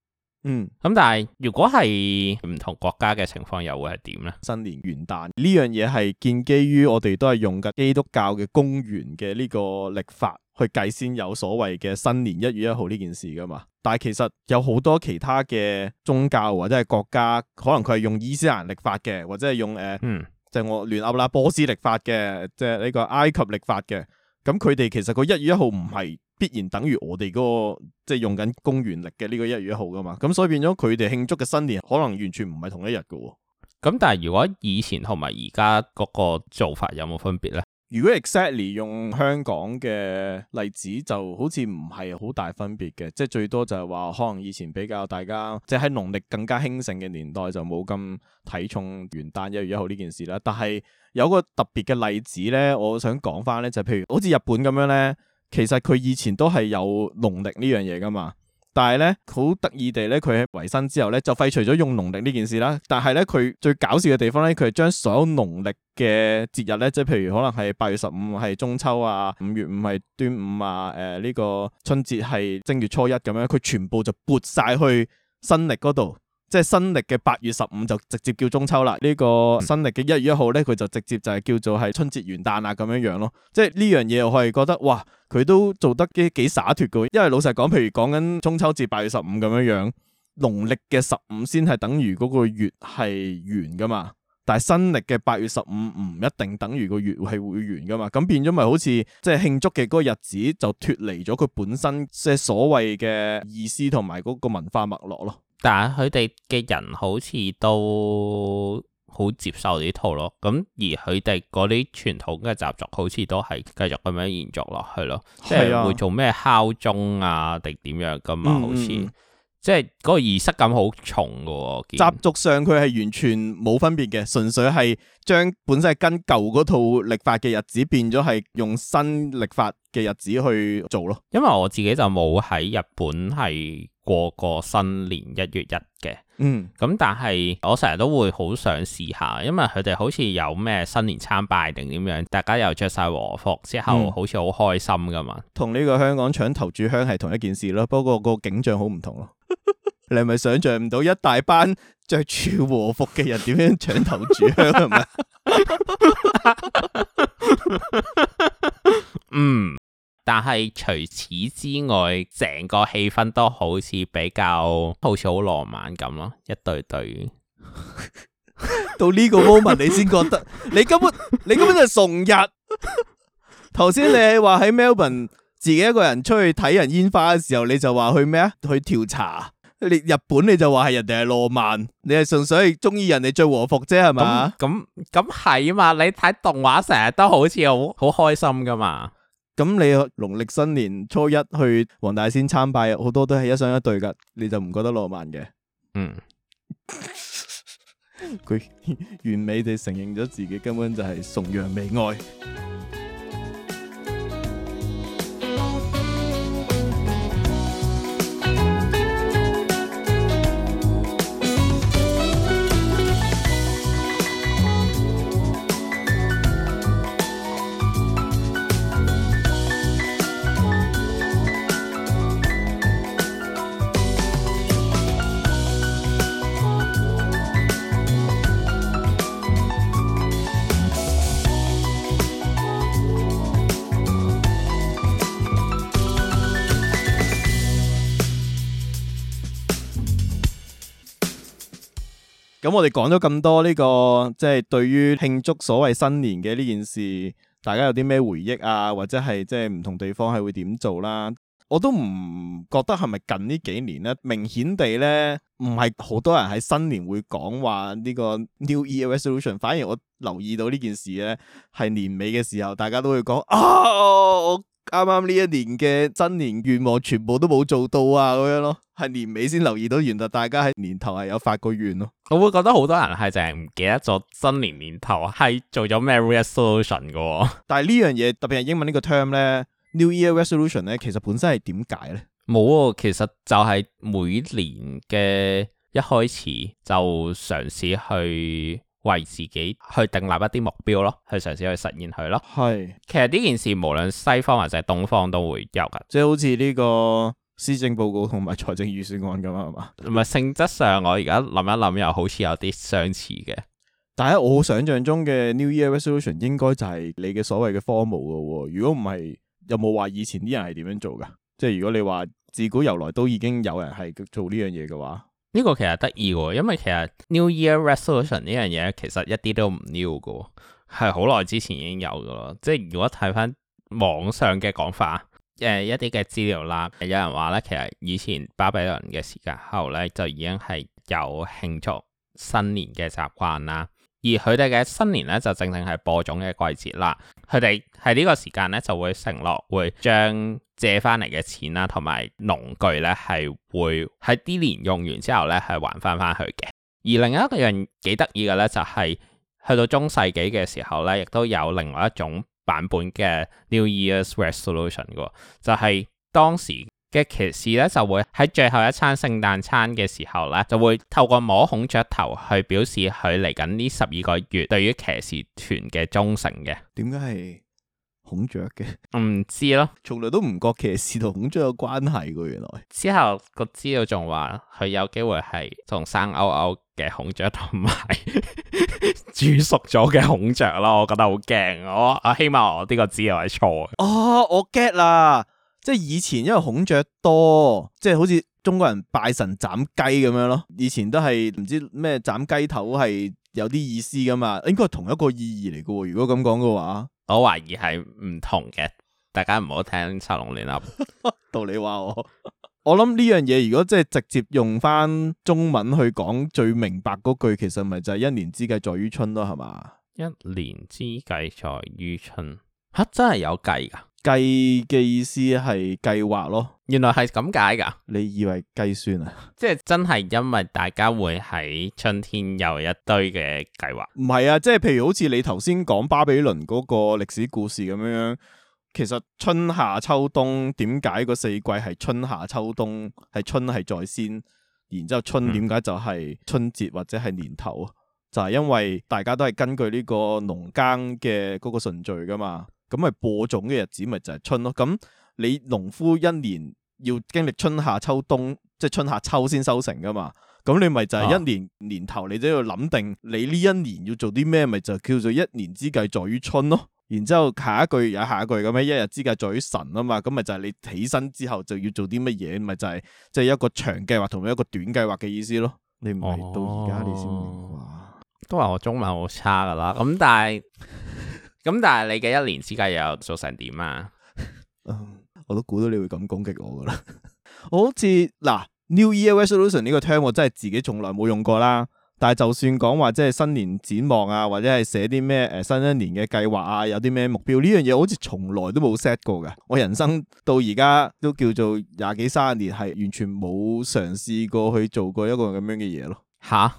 嗯，咁、嗯、但係如果係唔同國家嘅情況又會係點咧？新年元旦呢樣嘢係建基於我哋都係用嘅基督教嘅公元嘅呢個歷法去計先有所謂嘅新年一月一號呢件事噶嘛。但係其實有好多其他嘅宗教或者係國家，可能佢係用伊斯蘭歷法嘅，或者係用誒、呃、嗯。就我聯鴨啦，波斯曆法嘅，即係呢個埃及曆法嘅，咁佢哋其實個一月一號唔係必然等於我哋嗰、那個即係、就是、用緊公元曆嘅呢個一月一號㗎嘛，咁所以變咗佢哋慶祝嘅新年可能完全唔係同一日嘅。咁但係如果以前同埋而家嗰個做法有冇分別咧？如果 exactly 用香港嘅例子，就好似唔係好大分別嘅，即係最多就係話，可能以前比較大家，即係喺農曆更加興盛嘅年代，就冇咁睇重元旦一月一號呢件事啦。但係有個特別嘅例子咧，我想講翻咧，就是、譬如好似日本咁樣咧，其實佢以前都係有農曆呢樣嘢噶嘛。但係咧，好得意地咧，佢喺維新之後咧，就廢除咗用農曆呢件事啦。但係咧，佢最搞笑嘅地方咧，佢係將所有農曆嘅節日咧，即係譬如可能係八月十五係中秋啊，五月五係端午啊，誒，呃，呢個春節係正月初一咁樣，佢全部就撥晒去新曆嗰度。即係新歷嘅八月十五就直接叫中秋啦，呢、這個新歷嘅一月一號咧，佢就直接就係叫做係春節元旦啦咁樣樣咯。即係呢樣嘢我係覺得哇，佢都做得幾灑脱嘅。因為老實講，譬如講緊中秋節八月十五咁樣樣，農曆嘅十五先係等於嗰個月係圓噶嘛。但係新曆嘅八月十五唔一定等於個月係會完噶嘛，咁變咗咪好似即係慶祝嘅嗰個日子就脱離咗佢本身即係所謂嘅意思同埋嗰個文化脈絡咯。但係佢哋嘅人好似都好接受呢套咯，咁而佢哋嗰啲傳統嘅習俗好似都係繼續咁樣延續落去咯，即係會做咩敲鐘啊定點樣噶嘛，好似、嗯。即係嗰個儀式感好重嘅喎，習俗上佢係完全冇分別嘅，純粹係將本身係跟舊嗰套歷法嘅日子變咗係用新歷法嘅日子去做咯。因為我自己就冇喺日本係。過個新年一月一嘅，嗯，咁，嗯、但係我成日都會好想試下，因為佢哋好似有咩新年參拜定點樣？大家又着晒和服之後，嗯、好似好開心噶嘛，同呢個香港搶頭炷香係同一件事咯，不過個景象好唔同咯。 你係咪想象唔到一大班着住和服嘅人點樣搶頭炷香係咪？ 嗯。但係除此之外，整個氣氛都好似比較，好似好浪漫咁咯，一對對 到呢個 moment 你先覺得你根本你根本，你根本就係崇日。頭先你係話喺 Melbourne 自己一個人出去睇人煙花嘅時候，你就話去咩啊？去調查你日本你你嗯嗯嗯，你就話係人哋係浪漫，你係純粹係中意人哋着和服啫，係咪啊？咁咁係啊嘛，你睇動畫成日都好似好好開心噶嘛。咁你農曆新年初一去黃大仙參拜，好多都係一雙一對噶，你就唔覺得浪漫嘅？嗯，佢 完美地承認咗自己根本就係崇洋媚外。咁我哋講咗咁多呢個，即係對於慶祝所謂新年嘅呢件事，大家有啲咩回憶啊？或者係即係唔同地方係會點做啦？我都唔覺得係咪近呢幾年咧，明顯地咧唔係好多人喺新年會講話呢個 New Year Resolution。反而我留意到呢件事咧，係年尾嘅時候，大家都會講啊。我啱啱呢一年嘅新年願望全部都冇做到啊，咁樣咯，係年尾先留意到，原來大家喺年頭係有發過願咯。我會覺得好多人係淨係唔記得咗新年年頭係做咗咩 resolution 噶、哦。但係呢樣嘢特別係英文呢個 term 咧，New Year Resolution 咧，其實本身係點解咧？冇、哦，其實就係每年嘅一開始就嘗試去。為自己去訂立一啲目標咯，去嘗試去實現佢咯。係，其實呢件事無論西方或者係東方都會有㗎。即係好似呢個施政報告同埋財政預算案咁啊，係嘛？唔係性質上，我而家諗一諗又好似有啲相似嘅。但係我想像中嘅 New Year Resolution 應該就係你嘅所謂嘅科謬㗎喎。如果唔係，有冇話以前啲人係點樣做㗎？即係如果你話自古由來都已經有人係做呢樣嘢嘅話？呢個其實得意喎，因為其實 New Year Resolution 呢樣嘢其實一啲都唔 new 㗎，係好耐之前已經有㗎咯。即係如果睇翻網上嘅講法，誒、呃、一啲嘅資料啦，有人話咧，其實以前巴比倫嘅時間後咧就已經係有慶祝新年嘅習慣啦。而佢哋嘅新年咧就正正係播種嘅季節啦，佢哋喺呢個時間咧就會承諾會將借翻嚟嘅錢啦同埋農具咧係會喺啲年用完之後咧係還翻翻去嘅。而另一個樣幾得意嘅咧就係、是、去到中世紀嘅時候咧，亦都有另外一種版本嘅 New Year’s Resolution 嘅，就係、是、當時，嘅騎士咧就會喺最後一餐聖誕餐嘅時候咧，就會透過摸孔雀頭去表示佢嚟緊呢十二個月對於騎士團嘅忠誠嘅。點解係孔雀嘅？唔知咯，從來都唔覺騎士同孔雀有關係喎。原來之後個資料仲話佢有機會係仲生嘔嘔嘅孔雀同埋煮熟咗嘅孔雀咯，我覺得好驚。我啊，我希望我呢個資料係錯。哦，我 get 啦～即係以前，因為孔雀多，即係好似中國人拜神斬雞咁樣咯。以前都係唔知咩斬雞頭係有啲意思噶嘛，應該係同一個意義嚟噶喎。如果咁講嘅話，我懷疑係唔同嘅。大家唔好聽七龍聯合， 道理話我。 我諗呢樣嘢，如果即係直接用翻中文去講，最明白嗰句，其實咪就係一年之計在於春咯，係嘛？一年之計在於春，吓，真係有計噶。計嘅意思係計劃咯，原來係咁解噶？你以為計算啊？即係真係因為大家會喺春天有一堆嘅計劃。唔係 啊，即係譬如好似你頭先講巴比倫嗰個歷史故事咁樣樣，其實春夏秋冬點解個四季係春夏秋冬係春係在先，然之後春點解就係春節或者係年頭，嗯、就係因為大家都係根據呢個農耕嘅嗰個順序噶嘛。咁咪播種嘅日子咪就係春咯，咁你農夫一年要經歷春夏秋冬，即係春夏秋先收成噶嘛，咁你咪就係一年年頭，你都要諗定你呢一年要做啲咩，咪就叫做一年之計在於春咯。然之後下一句有下一句咁樣，一日之計在於晨啊嘛，咁咪就係你起身之後就要做啲乜嘢，咪就係即係一個長計劃同埋一個短計劃嘅意思咯。你唔係到而家你先明白，哦哦、都話我中文好差噶啦，咁、嗯、但係。咁但係你嘅一年之計又做成點啊？ 我都估到你會咁攻擊我噶啦。 好似嗱，New Year Resolution 呢個 term 我真係自己從來冇用過啦。但係就算講話即係新年展望啊，或者係寫啲咩誒新一年嘅計劃啊，有啲咩目標呢樣嘢，好似從來都冇 set 過嘅。我人生到而家都叫做廿幾三十年，係完全冇嘗試過去做過一個咁樣嘅嘢咯。吓？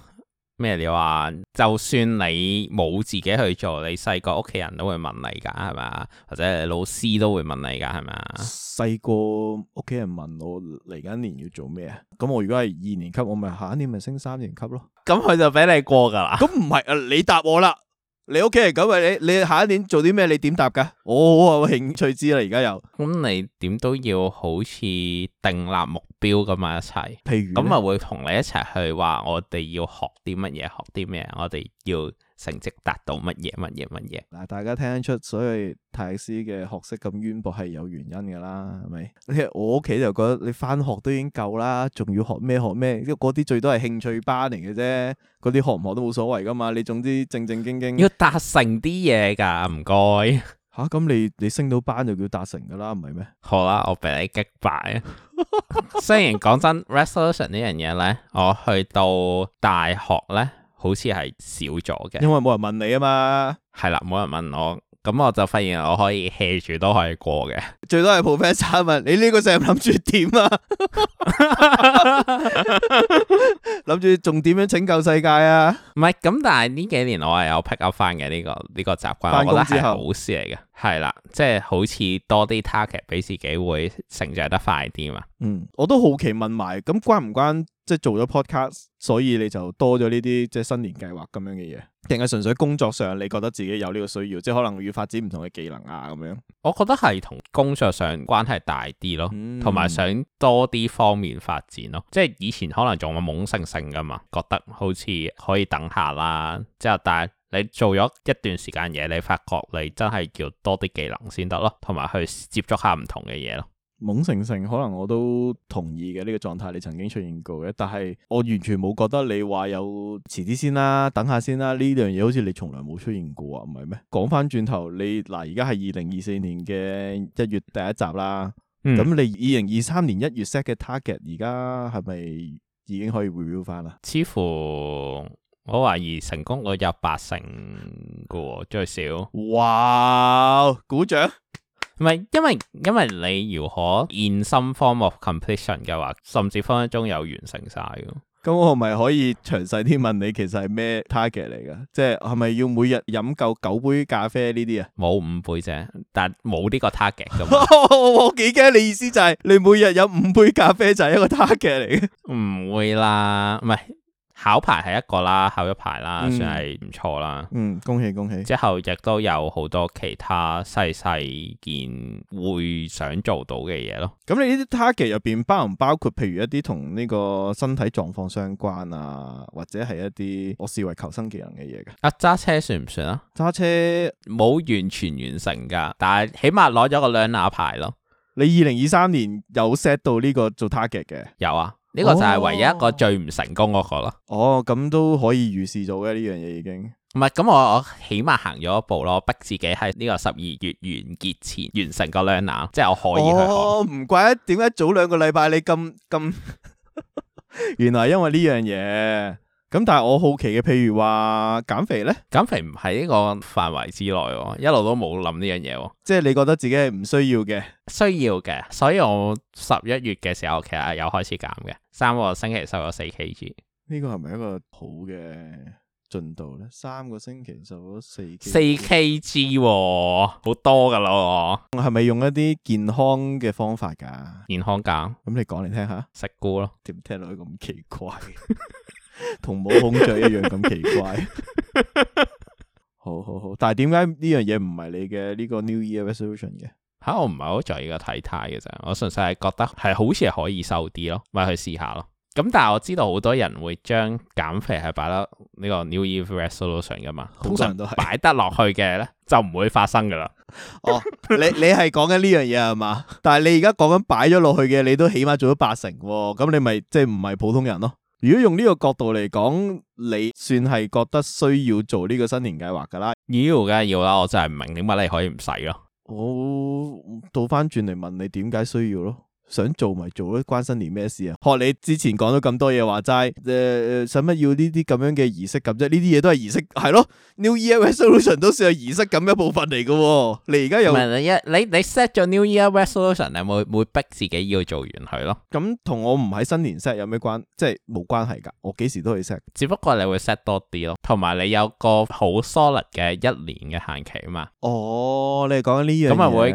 咩你話就算你冇自己去做，你細個屋企人都會問你噶，係嘛？或者老師都會問你噶，係咪？細個屋企人問我嚟緊年要做咩？咁我如果係二年級，我咪下一年咪升三年級咯。咁佢就俾你過噶啦。咁唔係，誒，你答我啦。你屋企人咁話！你你下一年做啲咩？你點答㗎？我啊，興趣知啦，而家又咁，你點都要好似訂立目標咁啊！一齊，譬如，咁啊會同你一齊去話，我哋要學啲乜嘢，學啲咩？我哋要。成績達到乜嘢乜嘢乜嘢。嗱，大家聽得出，所以泰師嘅學識咁淵博係有原因噶啦，係咪？你我屋企就覺得你翻學都已經夠啦，仲要學咩學咩？因為嗰啲最多係興趣班嚟嘅啫，嗰啲學唔學都冇所謂噶嘛。你總之正正經經要達成啲嘢噶，唔該吓。咁、啊、你你升到班就叫達成噶啦，唔係咩？ 好啦，我俾你擊敗。 雖然講真，resolution 呢樣嘢咧，我去到大學咧，好似係少咗嘅，因為冇人問你啊嘛。係啦，冇人問我，咁我就發現我可以 hea 住都可以過嘅，最多係 professor 問，你呢個成日諗住點啊？諗住仲點樣拯救世界啊？唔係咁，但係呢幾年我係有 pick up 翻嘅呢個呢個習慣，我覺得係好事嚟嘅。係啦，即係好似多啲 target 俾自己會成長得快啲嘛。嗯，我都好奇問埋，咁關唔關？即係做咗 podcast，所以你就多咗呢啲即係新年計劃咁樣嘅嘢，定係純粹工作上你覺得自己有呢個需要，即係可能要發展唔同嘅技能啊咁樣？我覺得係同工作上關係大啲咯，同埋想多啲方面發展咯。嗯、即係以前可能仲係懵盛盛噶嘛，覺得好似可以等下啦。之後但係你做咗一段時間嘢，你發覺你真係要多啲技能先得咯，同埋去接觸下唔同嘅嘢咯。懵成成，可能我都同意嘅呢、這個狀態，你曾經出現過嘅，但係我完全冇覺得你話有遲啲先啦，等下先啦呢樣嘢，好似你從來冇出現過啊，唔係咩？講翻轉頭，你嗱而家係二零二四年嘅一月第一集啦，咁、嗯、你二零二三年一月 set 嘅 target，而家係咪已經可以 review 翻啦？似乎我懷疑成功率有八成嘅、哦，最少。哇！鼓掌。唔係，因為因為你如可現心 form of completion 嘅話，甚至分分鐘有完成晒嘅。咁、嗯、我係咪可以詳細啲問你，其實係咩 target 嚟㗎？即係係咪要每日飲夠九杯咖啡呢啲啊？冇五杯啫，但冇呢個 target 嘅。 我幾驚你意思就係你每日飲五杯咖啡就係一個 target 嚟嘅？唔會啦，唔係。考牌係一個啦，考咗牌啦，嗯、算係唔錯啦。嗯，恭喜恭喜。之後亦都有好多其他細細件會想做到嘅嘢咯。咁你呢啲 target 入邊包唔包括譬如一啲同呢個身體狀況相關啊，或者係一啲我視為求生技能嘅嘢嘅？啊，揸車算唔算啊？揸車冇完全完成噶，但係起碼攞咗個兩亞牌咯。你二零二三年有 set 到呢個做 target 嘅？有啊。呢個就係唯一一個最唔成功嗰個咯。哦，咁都可以預示做嘅呢樣嘢已經。唔係，咁我我起碼行咗一步咯，逼自己喺呢個十二月完結前完成個 learner，即係我可以去。哦，唔怪得，點解早兩個禮拜你咁咁？ 原來因為呢樣嘢。咁但係我好奇嘅，譬如話減肥咧，減肥唔喺呢個範圍之內，一路都冇諗呢樣嘢，即係你覺得自己係唔需要嘅，需要嘅，所以我十一月嘅時候其實有開始減嘅，三個星期瘦咗四 K G。呢個係咪一個好嘅進度咧？三個星期瘦咗四四 K G，好多噶啦喎，係咪用一啲健康嘅方法噶？健康減，咁你講嚟聽下，食菇咯，點聽落去咁奇怪？ 同冇孔雀一樣咁奇怪， 好好好，但係點解呢樣嘢唔係你嘅呢、呢個 New Year Resolution 嘅？吓，我唔係好在意個體態嘅啫，我純粹係覺得係好似係可以瘦啲咯，咪去試下咯。咁但係我知道好多人會將減肥係擺得呢個 New Year Resolution 噶嘛，通常都係擺得落去嘅咧，就唔會發生噶啦。 哦，你你係講緊呢樣嘢係嘛？ 但係你而家講緊擺咗落去嘅，你都起碼做咗八成，咁你咪即係唔係普通人咯？如果用呢個角度嚟講，你算係覺得需要做呢個新年計劃㗎啦？要，梗係要啦！我真係唔明點解你可以唔使咯？我倒翻轉嚟問你，點解需要咯？想做咪做咯，關新年咩事啊？學你之前講咗咁多嘢話齋，誒、呃，使乜要這這呢啲咁樣嘅儀式咁啫？呢啲嘢都係儀式，係咯？New Year Resolution 都算係儀式咁一部分嚟嘅、哦。你而家又你你 set 咗 New Year Resolution，你會會逼自己要做完佢咯？咁同我唔喺新年 set 有咩關？即係冇關係噶，我幾時都可以 set，只不過你會 set 多啲咯。同埋你有個好 solid 嘅一年嘅限期啊嘛。哦，你講緊呢樣嘢，咁咪會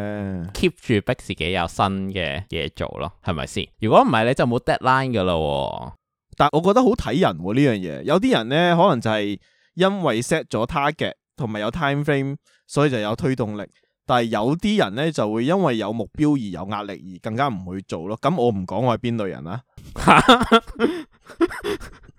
keep 住逼自己有新嘅嘢做。做咯，係咪先？如果唔係，你就冇 deadline 噶啦喎。但係我覺得好睇人呢樣嘢，有啲人呢，可能就係因為 set 咗 target 同埋有，有 time frame，所以就有推動力。但係有啲人呢，就會因為有目標而有壓力，而更加唔去做咯。咁我唔講我係邊類人啦。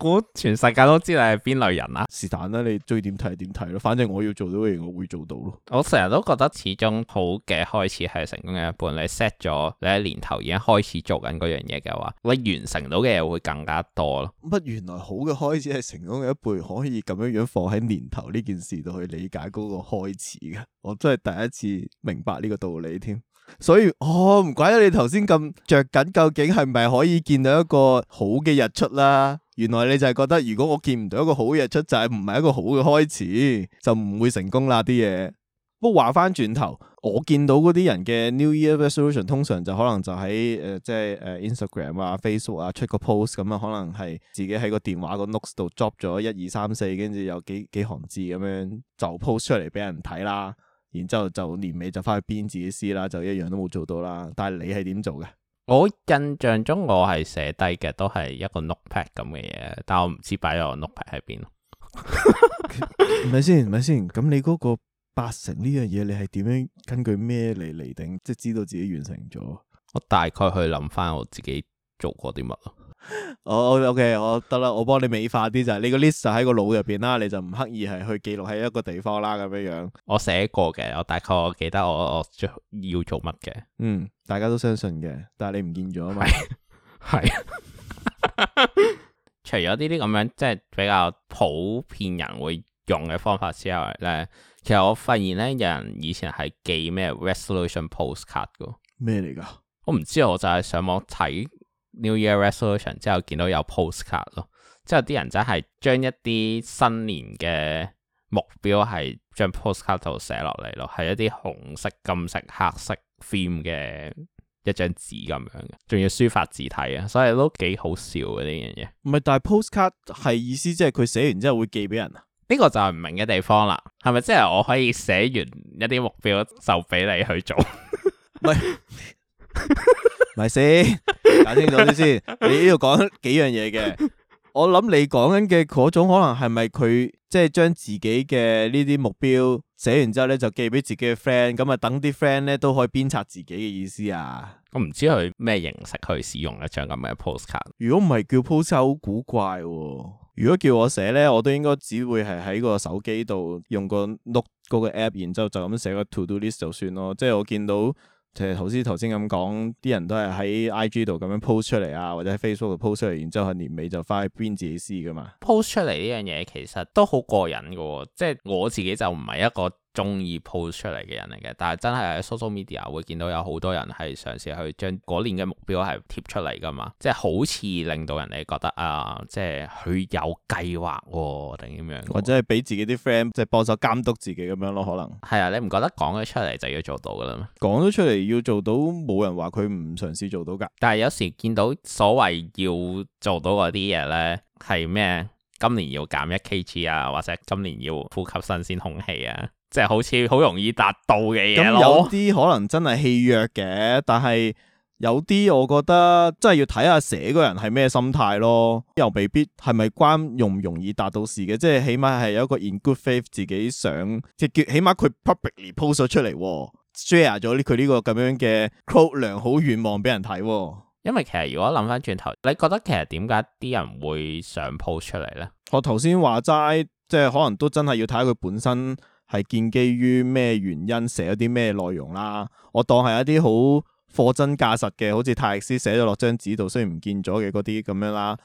我 全世界都知道你係邊類人啦。啊，是但啦，你最點睇點睇咯，反正我要做到嘅嘢我會做到咯。我成日都覺得始終好嘅開始係成功嘅一半，你 set 咗你喺年頭已經開始做緊嗰樣嘢嘅話，你完成到嘅嘢會更加多咯。乜原來好嘅開始係成功嘅一半，可以咁樣樣放喺年頭呢件事度去理解嗰個開始嘅，我真係第一次明白呢個道理添。所以我唔、哦、怪得，你頭先咁着緊，究竟係咪可以見到一個好嘅日出啦？原來你就係覺得，如果我見唔到一個好日出，就係唔係一個好嘅開始，就唔會成功啦啲嘢。不過話翻轉頭，我見到嗰啲人嘅 New Year Resolution 通常就可能就喺誒、呃、即係誒、呃、Instagram 啊、Facebook 啊出個 post 咁啊，可能係自己喺個電話個 notes 度 drop 咗一二三四，跟住有幾幾行字咁樣就 post 出嚟俾人睇啦。然之後就，就年尾就翻去編自己詩啦，就一樣都冇做到啦。但係你係點做嘅？我印象中我係寫低嘅都係一個 note pad 咁嘅嘢，但係我唔知擺咗個 note pad 喺邊咯，係咪先？係咪先？咁你嗰個八成呢樣嘢，你係點樣根據咩嚟釐定？即係知道自己完成咗？我大概去諗翻我自己做過啲乜。我、oh, OK，我得啦，我幫你美化啲就係，你個 list 就喺個腦入邊啦，你就唔刻意係去記錄喺一個地方啦，咁樣樣。我寫過嘅，我大概我記得我我要做乜嘅。嗯， 大家都相信嘅，但係你唔見咗啊咪。係 除咗呢啲咁樣，即係比較普遍人會用嘅方法之外咧，其實我發現咧，有人以前係記咩 resolution postcard 噶。咩嚟噶？我唔知，我就係上網睇。New Year resolution 之後見到有 postcard 咯，之後啲人就係將一啲新年嘅目標係將 postcard 度寫落嚟咯，係一啲紅色、金色、黑色 theme 嘅一張紙咁樣嘅，仲要書法字體啊，所以都幾好笑嘅呢樣嘢。唔係，但係 postcard 係意思即係佢寫完之後會寄俾人啊？呢個就係唔明嘅地方啦，係咪即係我可以寫完一啲目標就俾你去做？係。 係咪先？搞 清楚先。你呢度講幾樣嘢嘅？我諗你講緊嘅嗰種可能係咪佢即係將自己嘅呢啲目標寫完之後咧，就寄俾自己嘅 friend，咁啊等啲 friend 咧都可以鞭策自己嘅意思啊？我唔知佢咩形式去使用一張咁嘅 postcard。如果唔係叫 postcard 好古怪啊。如果叫我寫咧，我都應該只會係喺個手機度用個 note 嗰個 app，然之後就咁寫個 to do list 就算咯。即係我見到。其實頭先頭先咁講，啲人都係喺 IG 度咁樣 post 出嚟啊，或者喺 Facebook 度 post 出嚟，然之後喺年尾就翻去編自己詩噶嘛。post 出嚟呢樣嘢其實都好過癮噶，即係我自己就唔係一個中意 post 出嚟嘅人嚟嘅，但係真係喺 social media 會見到有好多人係嘗試去將嗰年嘅目標係貼出嚟噶嘛，即係好似令到人哋覺得啊、呃，即係佢有計劃定點樣，或者係俾自己啲 friend 即係幫手監督自己咁樣咯。可能係啊，你唔覺得講咗出嚟就要做到噶啦咩？講咗出嚟要做到，冇人話佢唔嘗試做到㗎。但係有時見到所謂要做到嗰啲嘢咧，係咩？今年要減一 kg 啊，或者今年要呼吸新鮮空氣啊？即係好似好容易達到嘅嘢，有啲可能真係戲謔嘅，但係有啲我覺得真係要睇下寫嗰人係咩心態咯，又未必係咪關容唔容易達到的事嘅，即係起碼係有一個 in good faith 自己想即係叫起碼佢 publicly post 咗出嚟 share 咗呢佢呢個咁樣嘅良好願望俾人睇。因為其實如果諗翻轉頭，你覺得其實點解啲人會上 post 出嚟呢？我頭先話齋，即係可能都真係要睇下佢本身。係建基於咩原因寫咗啲咩內容啦？我當係一啲好貨真價實嘅，好似泰勒斯寫咗落張紙度，雖然唔見咗嘅嗰啲咁樣啦。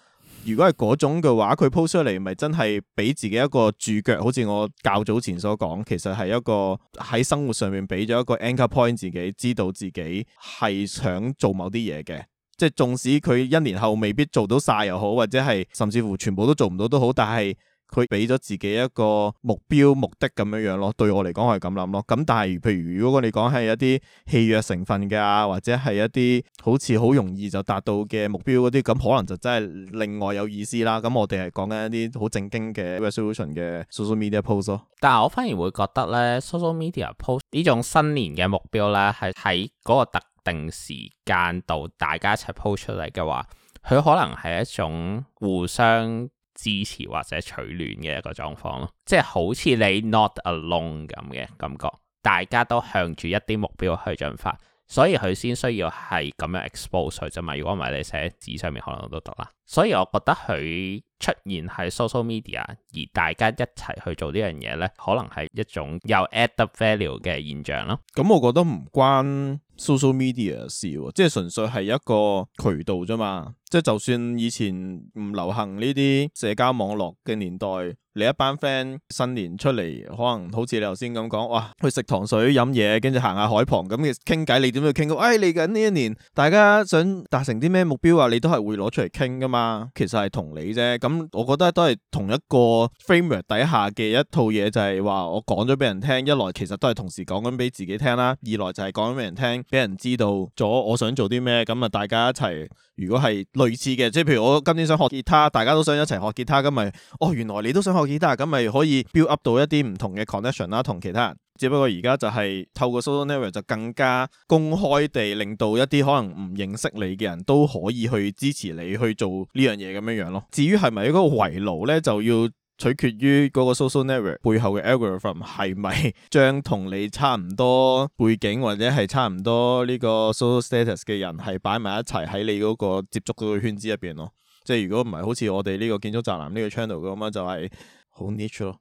如果係嗰種嘅話，佢 post 出嚟，咪真係俾自己一個註腳。好似我較早前所講，其實係一個喺生活上面俾咗一個 anchor point，自己知道自己係想做某啲嘢嘅。即係縱使佢一年後未必做到晒又好，或者係甚至乎全部都做唔到都好，但係。佢俾咗自己一個目標目的咁樣樣咯，對我嚟講係咁諗咯。咁但係譬如如果你講係一啲戲謔成分嘅，啊，或者係一啲好似好容易就達到嘅目標嗰啲，咁可能就真係另外有意思啦。咁我哋係講緊一啲好正經嘅 resolution 嘅 social media post 咯。但係我反而會覺得咧，social media post 呢種新年嘅目標咧，係喺嗰個特定時間度大家一齊 post 出嚟嘅話，佢可能係一種互相。支持或者取暖嘅一個狀況咯，即係好似你 not alone 咁嘅感覺，大家都向住一啲目標去進發，所以佢先需要係咁樣 expose 佢啫嘛。如果唔係，你寫喺紙上面可能都得啦。所以我覺得佢出現喺 social media，而大家一齊去做呢樣嘢呢，可能係一種有 add up value 嘅現象咯。咁、嗯、我覺得唔關 social media 事，即係純粹係一個渠道啫嘛。即係就算以前唔流行呢啲社交網絡嘅年代，你一班 friend 新年出嚟，可能好似你頭先咁講，哇，去食糖水飲嘢，跟住行下海旁咁嘅傾偈，你點去傾？誒，嚟緊呢一年，大家想達成啲咩目標啊？你都係會攞出嚟傾噶嘛？啊，其實係同理啫，咁我覺得都係同一個 framework 底下嘅一套嘢，就係話我講咗俾人聽，一來其實都係同時講緊俾自己聽啦，二來就係講緊俾人聽，俾人知道咗我想做啲咩，咁啊大家一齊，如果係類似嘅，即係譬如我今年想學吉他，大家都想一齊學吉他，咁咪哦，原來你都想學吉他，咁咪可以 build up 到一啲唔同嘅 connection 啦，同其他人。只不過而家就係透過 social network 就更加公開地令到一啲可能唔認識你嘅人都可以去支持你去做呢樣嘢，咁樣樣咯。至於係咪一個圍爐呢，就要取決於嗰個 social network 背後嘅 algorithm 係咪將同 你差唔多背景或者係差唔多呢個 social status 嘅人係擺埋一齊喺你嗰個接觸嗰個圈子入邊咯。即係如果唔係好似我哋呢個建築宅男呢個 channel 咁樣，就係好 niche 咯。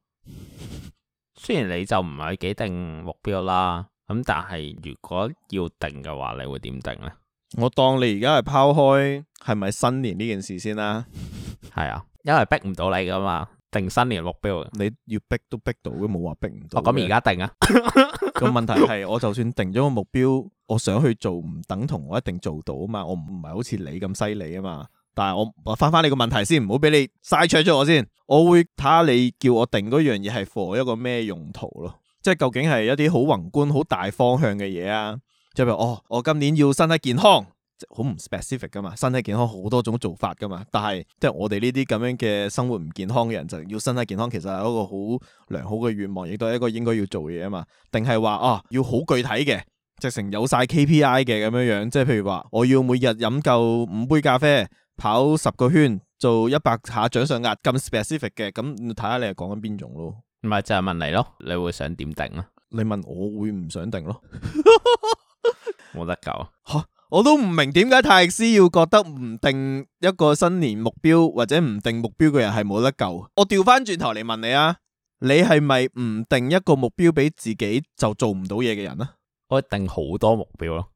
雖然你就唔係幾定目標啦，咁但係如果要定嘅話，你會點定呢？我當你而家係拋開係咪新年呢件事先啦，係 啊，因為逼唔到你噶嘛，定新年目標，你要逼都逼到，都冇話逼唔到。咁而家定啊？個、啊啊啊啊、 問題係我就算定咗個目標，我想去做，唔 等同我一定做到啊嘛，我唔唔係好似你咁犀利啊嘛。但係我翻翻你個問題先，唔好俾你嘥卓咗我先。我會睇下你叫我定嗰樣嘢係 for 一個咩用途咯，即係究竟係一啲好宏觀、好大方向嘅嘢啊？即係譬如哦，我今年要身體健康，好唔 specific 噶嘛？身體健康好多種做法噶嘛。但係即係我哋呢啲咁樣嘅生活唔健康嘅人，就要身體健康，其實係一個好良好嘅願望，亦都係一個應該要做嘢啊嘛。定係話哦，要好具體嘅，直成有晒 KPI 嘅咁樣樣。即係譬如話，我要每日飲夠五杯咖啡。跑十個圈做一百下掌上壓咁 specific 嘅，咁睇下你係講緊邊種咯？唔係就係問你咯，你會想點定啊？你問我會唔想定咯？冇得救啊！我都唔明點解泰勒斯要覺得唔定一個新年目標或者唔定目標嘅人係冇得救。我調翻轉頭嚟問你啊，你係咪唔定一個目標俾自己就做唔到嘢嘅人啊？我定好多目標咯，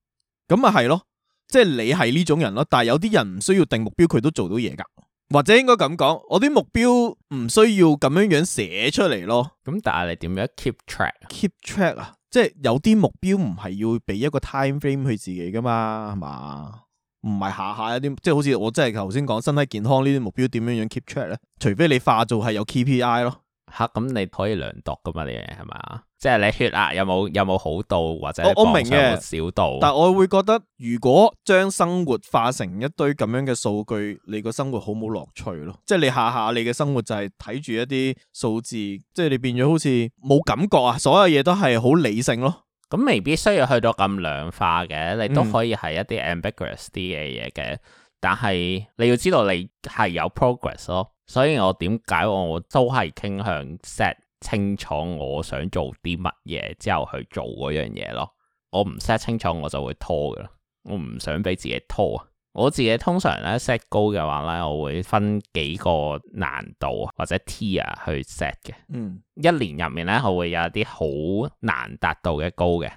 咁咪係咯。即係你係呢種人咯，但係有啲人唔需要定目標佢都做到嘢噶，或者應該咁講，我啲目標唔需要咁樣樣寫出嚟咯。咁但係你點樣 keep track？keep track 啊，即係有啲目標唔係要俾一個 time frame 去自己噶嘛，係嘛？唔係下下一啲，即係好似我真係頭先講身體健康呢啲目標點樣樣 keep track 咧？除非你化做係有 KPI 咯。吓，咁你可以量度噶嘛，你嘢係嘛？即係你血壓有冇有冇好到，或者我有冇少到？但係我會覺得，如果將生活化成一堆咁樣嘅數據，你個生活好冇樂趣咯。即係你下下你嘅生活就係睇住一啲數字，即係你變咗好似冇感覺啊！所有嘢都係好理性咯。咁未必需要去到咁量化嘅，你都可以係一啲 ambiguous 啲嘅嘢嘅。但係你要知道，你係有 progress 咯。所以我點解我都係傾向 set 清楚我想做啲乜嘢之後去做嗰樣嘢咯。我唔 set 清楚我就會拖噶啦。我唔想俾自己拖啊。我自己通常咧 set 高嘅話咧，我會分幾個難度或者 tier 去 set 嘅。嗯，一年入面咧，我會有一啲好難達到嘅高嘅，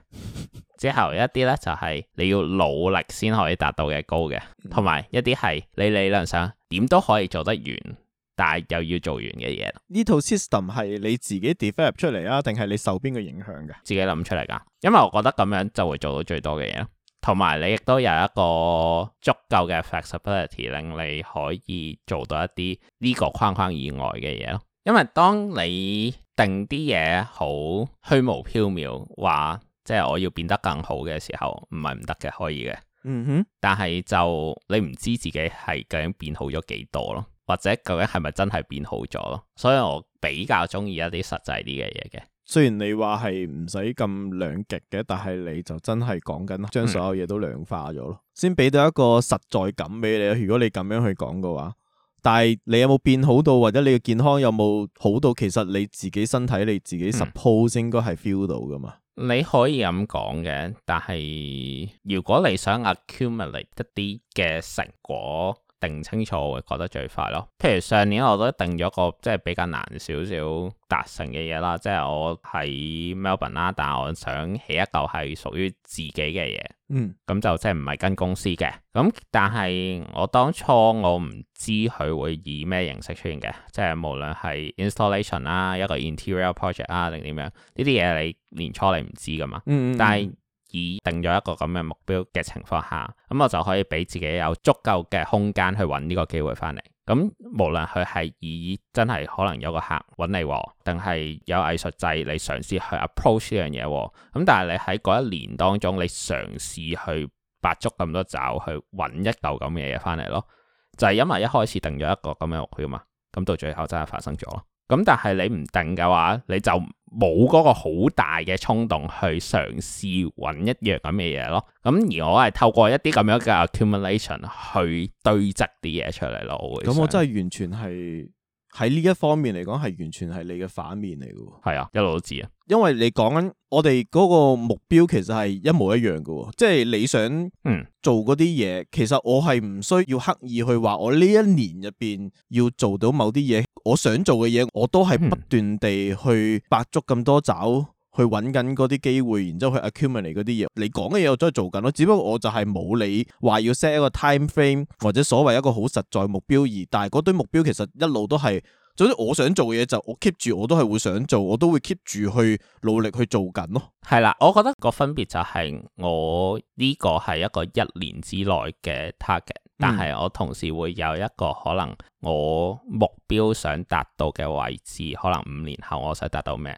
之後一啲咧就係你要努力先可以達到嘅高嘅，同埋一啲係你理論上點都可以做得完，但又要做完嘅嘢，呢套 system 係你自己 develop 出嚟啊，定係你受邊個影響嘅？自己諗出嚟噶，因為我覺得咁樣就會做到最多嘅嘢咯。同埋你亦都有一個足夠嘅 flexibility，令你可以做到一啲呢個框框以外嘅嘢咯。因為當你定啲嘢好虛無縹緲，話即係我要變得更好嘅時候，唔係唔得嘅，可以嘅。嗯哼。但係就你唔知自己係究竟變好咗幾多咯。或者究竟係咪真係變好咗咯？所以我比較中意一啲實際啲嘅嘢嘅。雖然你話係唔使咁兩極嘅，但係你就真係講緊將所有嘢都量化咗咯，嗯、先俾到一個實在感俾你。如果你咁樣去講嘅話，但係你有冇變好到，或者你嘅健康有冇好到？其實你自己身體，你自己 suppose 應該係 feel 到噶嘛、嗯。你可以咁講嘅，但係如果你想 accumulate 一啲嘅成果。定清楚會覺得最快咯。譬如上年我都定咗個即係比較難少少達成嘅嘢啦，即係我喺 Melbourne 啦，但我想起一嚿係屬於自己嘅嘢。嗯，咁就即係唔係跟公司嘅。咁但係我當初我唔知佢會以咩形式出現嘅，即係無論係 installation 啦，一個 interior project 啊定點樣，呢啲嘢你年初你唔知㗎嘛。嗯，嗯，嗯。但已定咗一個咁嘅目標嘅情況下，咁我就可以俾自己有足夠嘅空間去揾呢個機會翻嚟。咁無論佢係以真係可能有個客揾你喎，定係有藝術制你嘗試去 approach 呢樣嘢喎。咁但係你喺嗰一年當中，你嘗試去擺足咁多爪去揾一嚿咁嘅嘢翻嚟咯，就係因為一開始定咗一個咁嘅目標嘛。咁到最後真係發生咗咯。咁但係你唔定嘅話，你就冇嗰個好大嘅衝動去嘗試揾一樣咁嘅嘢咯。咁而我係透過一啲咁樣嘅 accumulation 去堆積啲嘢出嚟咯。咁我，我真係完全係。喺呢一方面嚟講，係完全係你嘅反面嚟嘅。係啊，一路都知啊。因為你講緊我哋嗰個目標，其實係一模一樣嘅。即係你想嗯做嗰啲嘢，其實我係唔需要刻意去話，我呢一年入邊要做到某啲嘢，我想做嘅嘢，我都係不斷地去八足咁多爪。去揾緊嗰啲機會，然之後去 accumulate 嗰啲嘢。你講嘅嘢我都係做緊咯，只不過我就係冇你話要 set 一個 time frame 或者所謂一個好實在目標而，但係嗰堆目標其實一路都係總之我想做嘅嘢就我 keep 住我都係會想做，我都會 keep 住去努力去做緊咯。係啦，我覺得個分別就係我呢個係一個一年之內嘅 target，但係我同時會有一個可能我目標想達到嘅位置，可能五年後我想達到咩？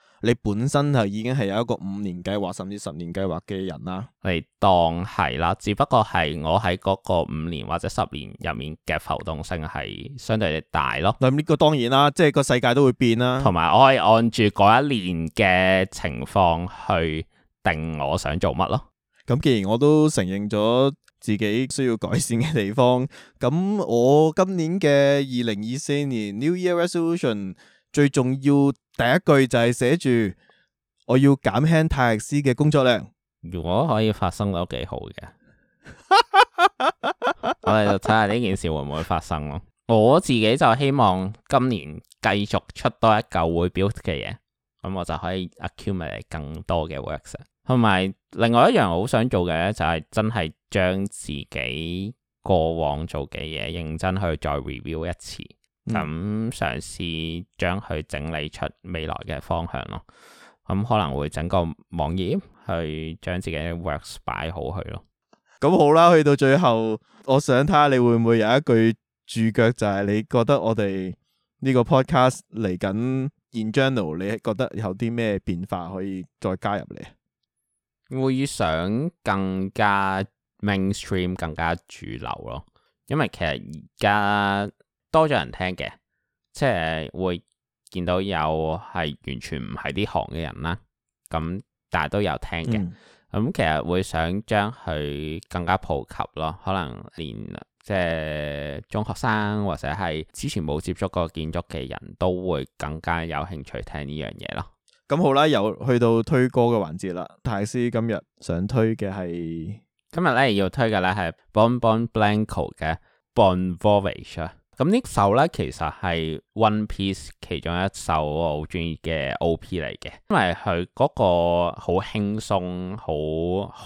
你本身就已經係有一個五年計劃甚至十年計劃嘅人啦，你當係啦，只不過係我喺嗰個五年或者十年入面嘅浮動性係相對地大咯。咁呢個當然啦，即係個世界都會變啦，同埋我係按住嗰一年嘅情況去定我想做乜咯。咁既然我都承認咗自己需要改善嘅地方，咁我今年嘅二零二四年 New Year Resolution 最重要。第一句就係寫住我要減輕泰克斯嘅工作量。如果可以發生，都幾好嘅。我哋就睇下呢件事會唔會發生咯。我自己就希望今年繼續出多一舊會 build 嘅嘢，咁我就可以 accumulate 更多嘅 works。同埋另外一樣好想做嘅咧，就係真係將自己過往做嘅嘢認真去再 review 一次。咁嘗試將佢整理出未來嘅方向咯，咁、嗯、可能會整個網頁去將自己嘅 works 擺好佢咯。咁好啦，去到最後，我想睇下你會唔會有一句注腳，就係你覺得我哋呢個 podcast 嚟緊 in general，你覺得有啲咩變化可以再加入嚟？會想更加 mainstream，更加主流咯，因為其實而家，多咗人聽嘅，即係會見到有係完全唔係呢行嘅人啦，咁但係都有聽嘅，咁、嗯嗯、其實會想將佢更加普及咯，可能連即係中學生或者係之前冇接觸過建築嘅人都會更加有興趣聽呢樣嘢咯。咁好啦，又去到推歌嘅環節啦，大師今日想推嘅係今日咧要推嘅咧係 Bon Bon Blanco 嘅 Bon Voyage。咁呢首咧，其實係 One Piece 其中一首我好中意嘅 OP 嚟嘅，因為佢嗰個好輕鬆、好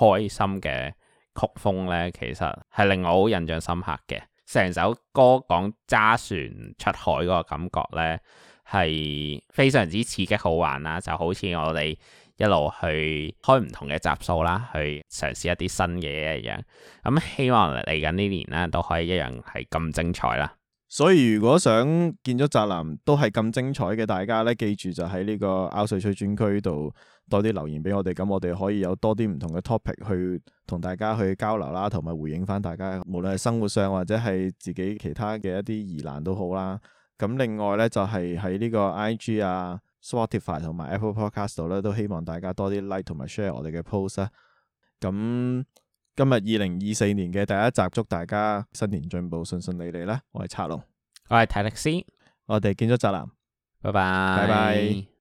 開心嘅曲風咧，其實係令我好印象深刻嘅。成首歌講揸船出海嗰個感覺咧，係非常之刺激好玩啦，就好似我哋一路去開唔同嘅集數啦，去嘗試一啲新嘢一樣。咁希望嚟緊呢年咧都可以一樣係咁精彩啦～所以如果想見咗宅男都係咁精彩嘅，大家咧記住就喺呢個 Out 水水專區度多啲留言俾我哋，咁我哋可以有多啲唔同嘅 topic 去同大家去交流啦，同埋回應翻大家，無論係生活上或者係自己其他嘅一啲疑難都好啦。咁另外咧就係喺呢個 IG 啊、Spotify 同埋 Apple Podcast 度咧，都希望大家多啲 like 同埋 share 我哋嘅 post 啊。咁、嗯今日二零二四年嘅第一集，祝大家新年進步，順順利利啦！我係策龍，我係泰力斯，我哋建築宅男，拜拜 bye，拜拜。